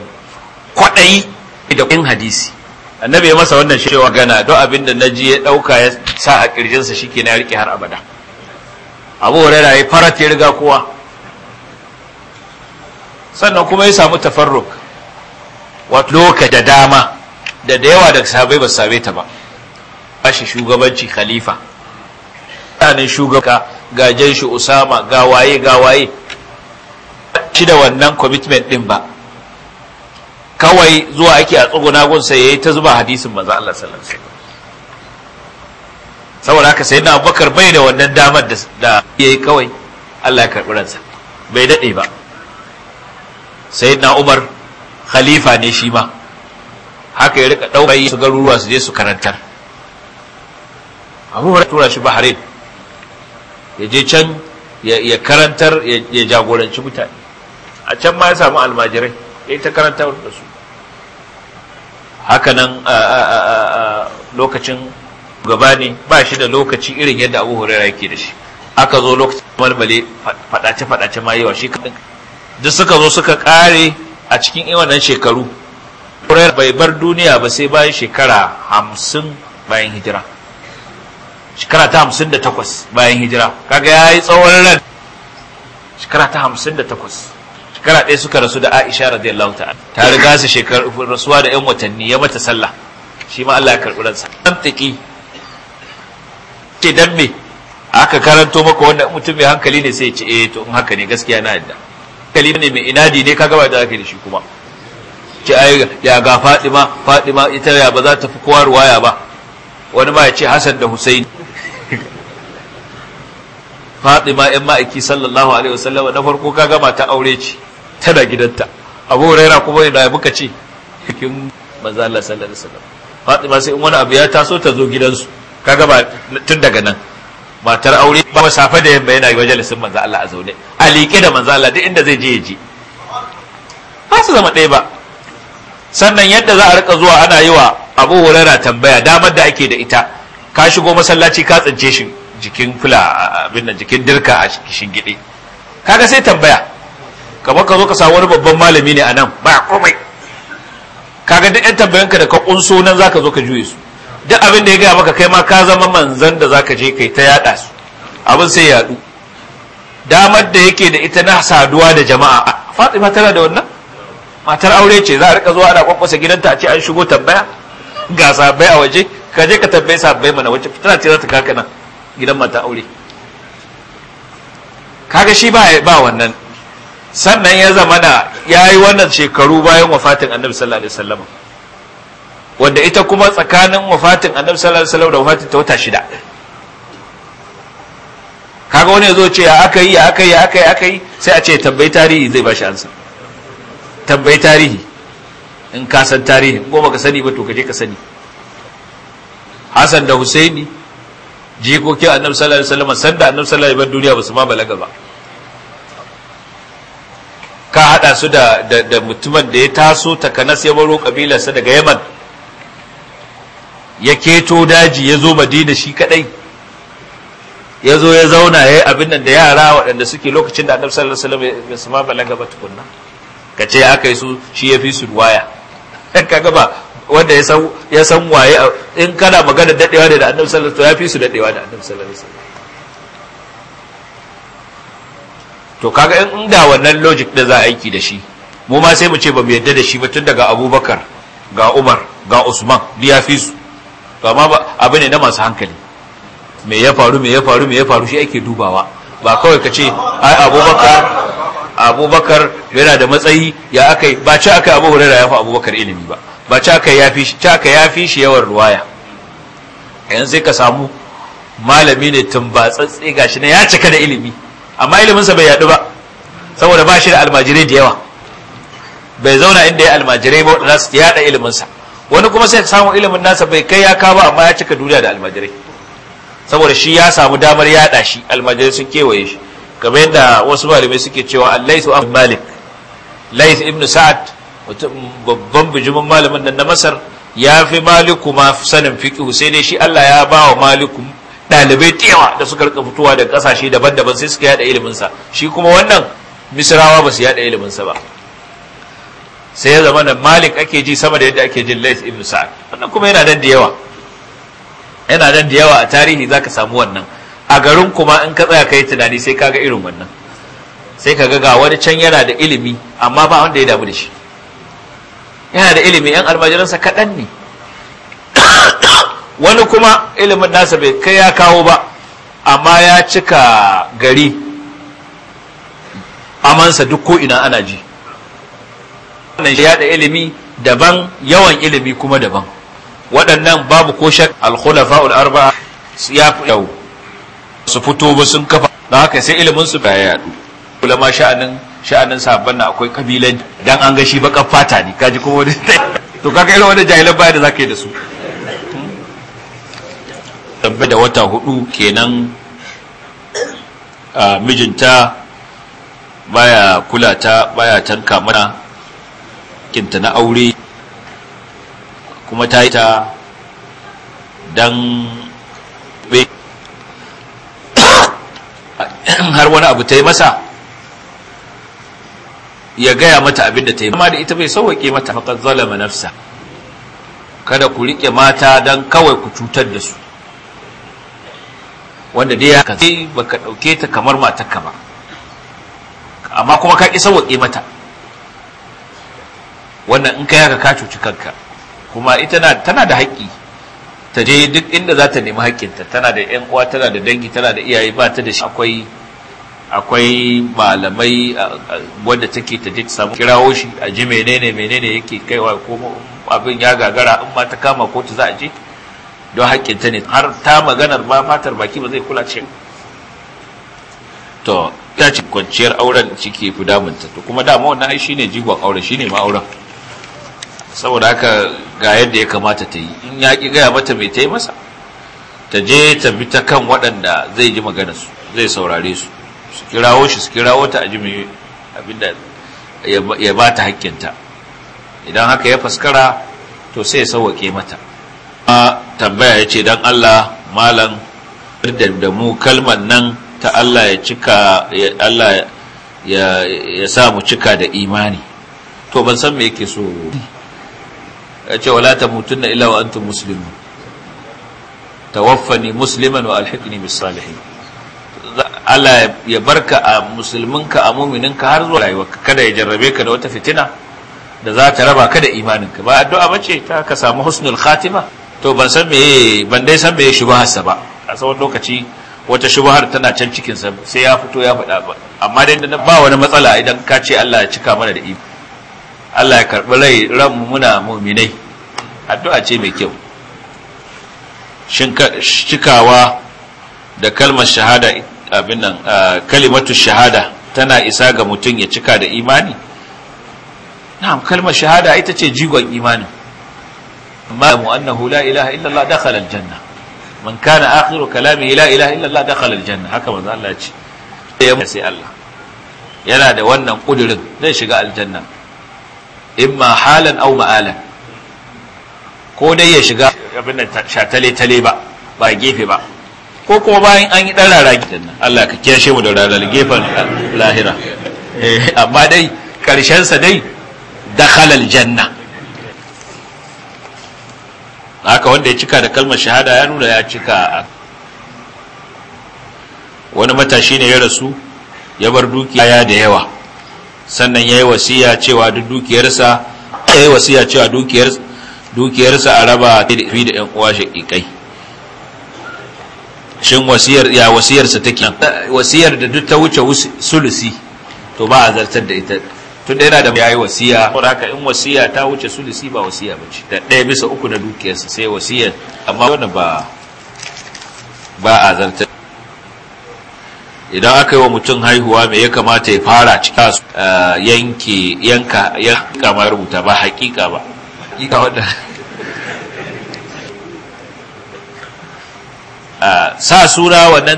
kwaɗayi da kun hadisi annabi ya masa wannan shewa gana don abin da naji ya ɗauka ya sa a kirjinsa shike na rike har abada abu hurairah ya farat ya riga kowa sannan kuma ya samu tafarruk wato loka da dama da da yawa daga sahabbai ba su same ta ba shi shugabanci khalifa tsanin shugabanka, ga shi usama ga waye ga waye shi da wannan commitment din ba kawai zuwa ake a tsuguna gunsa yi ta zuba hadisin maza Allah sallallahu alaihi saboda haka na Abubakar bai da wannan damar da ya yi kawai Allah ya karɓi ransa bai daɗe ba sayyidina Umar khalifa ne shi ma haka ya rika yi su garuruwa su je su karantar abu hurairah tura shi bahrain ya je can ya karantar ya jagoranci mutane a can ma ya samu almajirai ya ta karantar da su hakanan lokacin gaba ne ba shi da lokaci irin yadda abu hurairah yake da shi aka zo lokacin malmale fadace-fadace ma yawa shi kaɗin duk suka zo suka ƙare a cikin wannan shekaru Hurairah bai bar duniya ba sai bayan shekara hamsin bayan hijira shekara ta hamsin da takwas bayan hijira kaga ya yi tsawon ran shekara ta hamsin da takwas shekara ɗaya suka rasu da aisha radiyallahu ta'ala ta riga su shekaru rasuwa da yan watanni ya mata sallah shi ma Allah ya karɓi ransa dan taki ce dan me aka karanto maka wanda mutum mai hankali ne sai ya ce eh to in haka ne gaskiya na yadda kalima ne mai inadi ne kaga ba da ake da shi kuma ce ai ya ga Fatima Fatima ita ya ba za ta fi kowa ruwaya ba wani ma ya ce Hassan da Husaini Fatima ɗan ma'aiki sallallahu alaihi wasallam na farko ka gama ta aure ce tana gidanta Abu raira kuma ya muka ce cikin manzo Allah sallallahu alaihi wasallam Fatima sai in wani abu ya taso ta zo gidansu ka gama tun daga nan matar aure ba safe da yamma yana majalisin manzo Allah a zaune a liƙe da manzo Allah duk inda zai je ya je ba su zama ɗaya ba sannan yadda za a rika zuwa ana yi wa abu hurara tambaya damar da ake da ita ka shigo masallaci ka tsince shi jikin fula abin nan jikin dirka a shingide kaga sai tambaya kamar ka zo ka samu wani babban malami ne a nan ba komai kaga duk yan tambayanka da ka kunso nan zaka zo ka juye su duk abin da ya gaya maka kai ma ka zama manzan da zaka je kai ta yada su abin sai yadu damar da yake da ita na saduwa da jama'a fatima tana da wannan matar aure ce za a rika zuwa ana kwakwasa gidanta a ce an shigo tambaya ga sabai a waje ka je ka tambaye sabai mana wace tana ce za ta kaka nan gidan mata aure kaga shi ba ba wannan sannan ya zama da yayi wannan shekaru bayan wafatin annabi sallallahu alaihi wasallam wanda ita kuma tsakanin wafatin annabi sallallahu alaihi wasallam da wafatin ta wata shida kaga wani yazo ce ya aka yi ya aka yi ya aka yi aka yi sai a ce tambayi tarihi zai bashi ansa tambayi tarihi in ka san tarihi ko baka sani ba to kaje ka sani Hassan da Husaini jikokin annabi sallallahu alaihi wasallam sanda annabi sallallahu alaihi duniya ba su ma balaga ba ka hada su da da mutumin da ya taso takanas ya baro kabilarsa daga Yaman ya keto daji ya zo madina shi kadai ya zo ya zauna ya yi abin nan da yara waɗanda suke lokacin da annabi sallallahu alaihi wasallam ya sama balaga ba tukunna ka ce aka yi su shi ya fi su waya kaga ba wanda ya san ya san waye in kana magana dadewa da annabi sallallahu alaihi wasallam ya fi su dadewa da annabi sallallahu alaihi wasallam to kaga in da wannan logic da za a aiki da shi mu ma sai mu ce ba mu yadda da shi ba tun daga abubakar ga umar ga usman fi su to amma abu ne na masu hankali me ya faru me ya faru me ya faru shi ake dubawa ba kawai ka ce ai abubakar abubakar yana da matsayi ya aka ba ci aka Abubakar da ya fi abubakar ilimi ba ba ci aka ya fi shi yawan ruwaya yanzu sai ka samu malami ne tun ba ga shi na ya cika da ilimi amma iliminsa bai yadu ba saboda ba shi da almajirai da yawa bai zauna inda ya almajirai ba za su yada iliminsa wani kuma sai samu ilimin nasa bai kai ya kawo ba amma ya cika duniya da almajirai saboda shi ya samu damar yada shi almajirai sun kewaye shi kamar yadda wasu malamai suke cewa allaisu malik lais ibnu sa'ad babban bijimin malamin nan na masar ya fi maliku ma sanin fiqh sai dai shi Allah ya ba wa maliku dalibai tewa da suka rika fitowa daga kasashe daban-daban sai suka yada ilimin sa shi kuma wannan misrawa ba su yada ilimin sa ba sai ya zama da malik ake ji sama da yadda ake jin lais ibn sa'ad wannan kuma yana nan da yawa yana nan da yawa a tarihi zaka samu wannan a garin kuma in ka tsaya kai tunani sai kaga irin wannan sai kaga ga wani can yana da ilimi amma ba wanda ya damu da shi yana da ilimi yan sa kaɗan ne wani kuma ilimin nasa bai kai ya kawo ba amma ya cika gari amansa duk ko ina ana ji wannan yada ilimi daban yawan ilimi kuma daban waɗannan babu ko shak al-khulafa'ul arba'a ya yau su fito ba sun kafa don haka sai ilimin su ba ya yadu ulama sha'anin sha'anin sahabban na akwai kabilan dan an ga shi bakan fata ne kaji ko wani to kaga irin wani jahilan baya da zaka yi da su tabbata da wata hudu kenan mijinta baya kula ta baya tanka mana hakkinta na aure kuma ta yi ta don har wani abu ta yi masa ya gaya mata abin da ta yi amma da ita bai sauwaƙe mata faƙar zalama nafsa kada ku riƙe mata don kawai ku cutar da su wanda dai haka sai baka ɗauke ta kamar matarka ba amma kuma ka ƙi sauwaƙe mata wannan in ka yaka ka cuci kanka kuma ita tana da haƙƙi ta je duk inda za ta nemi haƙƙinta tana da ƴan uwa tana da dangi tana da iyaye ba ta da shi akwai malamai wanda take ta je ta samu kirawo shi a ji menene menene yake kaiwa ko abin ya gagara in ma ta kama kotu za a je don haƙƙinta ne har ta maganar ba fatar baki ba zai kula ce to ta ci kwanciyar auren ciki fi damunta to kuma dama wannan ai shine jigon auren shine ma auren saboda haka ga yadda ya kamata ta yi in ya ki gaya mata mai ta yi masa ta je ta bi ta kan waɗanda zai ji magana su zai saurare su su kirawo shi su kirawo ta a ji mai abinda ya ba ta hakkinta idan haka ya faskara to sai ya sauwake mata a tambaya ya ce don allah malam da mu kalmar nan ta allah ya cika allah ya sa mu cika da imani to ban san me yake so ya ce wala na illa wa antum Ta tawaffani musliman wa alhiqni bis salihin Allah ya barka a musulminka a mumininka har zuwa rayuwarka kada ya jarrabe ka da wata fitina da za ta raba ka da imaninka ba addu'a bace ta ka samu husnul khatima to ban san me ban dai san me shubahar ba a tsawon lokaci wata shubahar tana can cikin sa sai ya fito ya faɗa ba amma dai ba wani matsala idan ka ce Allah ya cika mana da imani Allah ya karɓi rai ranmu muna muminai addu'a ce mai kyau cikawa da kalmar shahada abin nan kalimatu shahada tana isa ga mutum ya cika da imani na'am kalmar shahada ita ce jigon imani amma mu annahu la ilaha illallah dakhala aljanna man kana akhiru kalami la ilaha illallah dakhala aljanna haka manzo Allah ya ce sai Allah yana da wannan kudirin zai shiga aljanna ma halan au ma'alan ko dai ya shiga abin da shatale-tale ba ba gefe ba ko kuma bayan an yi ɗarara gidan Allah ka kiyashe mu da rarar gefen lahira eh, amma dai ƙarshensa dai halal janna haka wanda ya cika da kalmar shahada ya nuna ya cika a wani matashi ne ya rasu ya bar dukiya da yawa sannan yi wasiya cewa duk dukiyarsa yi wasiya cewa dukiyarsa a raba da yan uwa shaƙiƙai shin wasiyar ya wasiyarsa take wasiyar da duk ta wuce sulusi to ba a zartar da ita tun da yana da yi wasiya ko haka in wasiya ta wuce sulusi ba wasiya bace da ɗaya bisa uku na dukiyarsa sai wasiyar amma wannan ba ba a zartar idan aka yi wa mutum haihuwa me ya kamata ya fara cika su eh, yanke yanka yanka ma rubuta ba hakika ba hakika ah, sa suna wannan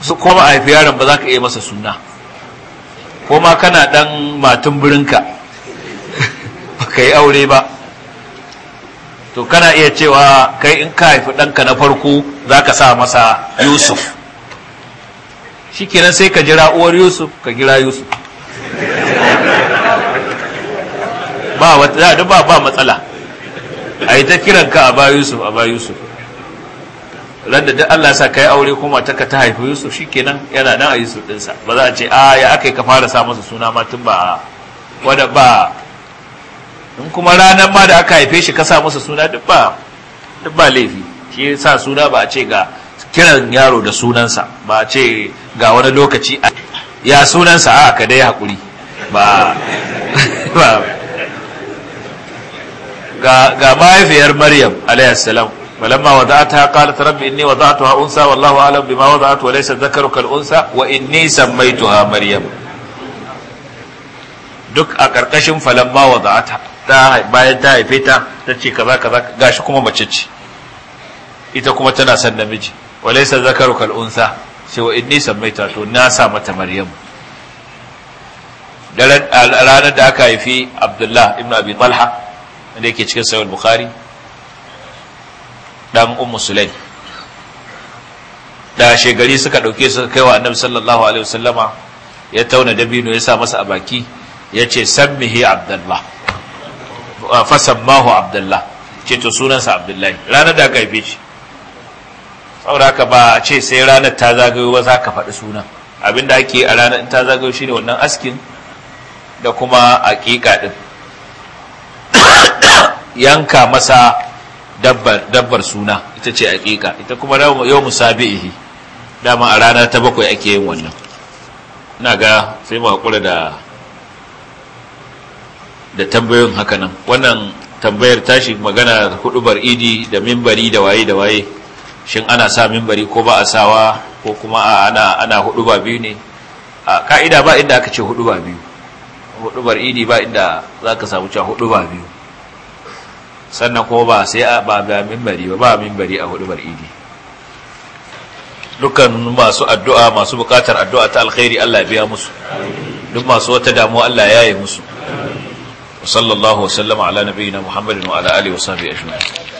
su kuma haifi yaron ba za ka iya masa suna ko ma kana dan matun birinka ba ka yi aure ba to kana iya cewa kai in ka haifi ɗanka na farko za ka sa masa yusuf shikenan sai ka jira uwar yusuf ka gira yusuf ba wata ba ba matsala a yi ta kiran ka a ba yusuf a ba yusuf randa duk Allah sa ka yi aure kuma ta ka ta haifi yusuf shikenan yana nan a yusuf ɗinsa ba za a ce a ah, ya aka yi ka fara sa masa suna ma tun ba wanda ba in kuma ranar ma da aka haife shi ka sa masa suna duk ba laifi shi sa suna ba a ce ga kiran yaro da sunansa ba ce ga wani lokaci ya sunansa a ka dai haƙuri ba ga mahaifiyar maryam ta alayhissalam ولما وضعتها Wallahu رب إني وضعتها أنثى والله أعلم zakaru وضعت وليس Wa inni وإني سميتها Maryam. duk a ƙarƙashin falamma wa ta bayan ta haife ta ta ce kaza kaza gashi kuma mace ce ita kuma tana son namiji walaysa zakaru Kal'unsa, sai wa inni sammaita to na sa mata maryamu ranar da aka haifi abdullah ibn abi talha wanda yake cikin sahih bukari dan ummu sulaim da shegari suka dauke su kai wa annabi sallallahu alaihi wasallama ya tauna dabino ya sa masa a baki ya ce sammihi abdullah fasammahu abdullah ce to sunansa abdullahi ranar da aka haife shi haka ba a ce sai ranar ta zagayo ba za ka faɗi sunan abinda ake a ranar ta zagayo shi ne wannan askin da kuma aƙiƙa ɗin yanka masa dabbar suna ita ce aƙiƙa ita kuma yau ihi dama a rana ta bakwai ake yin wannan na ga sai mu haƙura da da tambayoyin nan wannan tambayar tashi magana hudubar idi da mimbari da waye da waye shin ana sa mimbari ko ba a sawa ko kuma ana ana hudu ba biyu ne a ka'ida ba inda aka ce hudu ba biyu hudu bar idi ba inda za ka samu cewa hudu ba biyu sannan ko ba sai a ba ba mimbari ba ba mimbari a hudu bar idi dukkan masu addu'a masu bukatar addu'a ta alkhairi Allah biya musu duk masu wata damuwa Allah ya yi musu sallallahu wasallama ala nabiyina muhammadin wa ala alihi wasahbihi ajma'in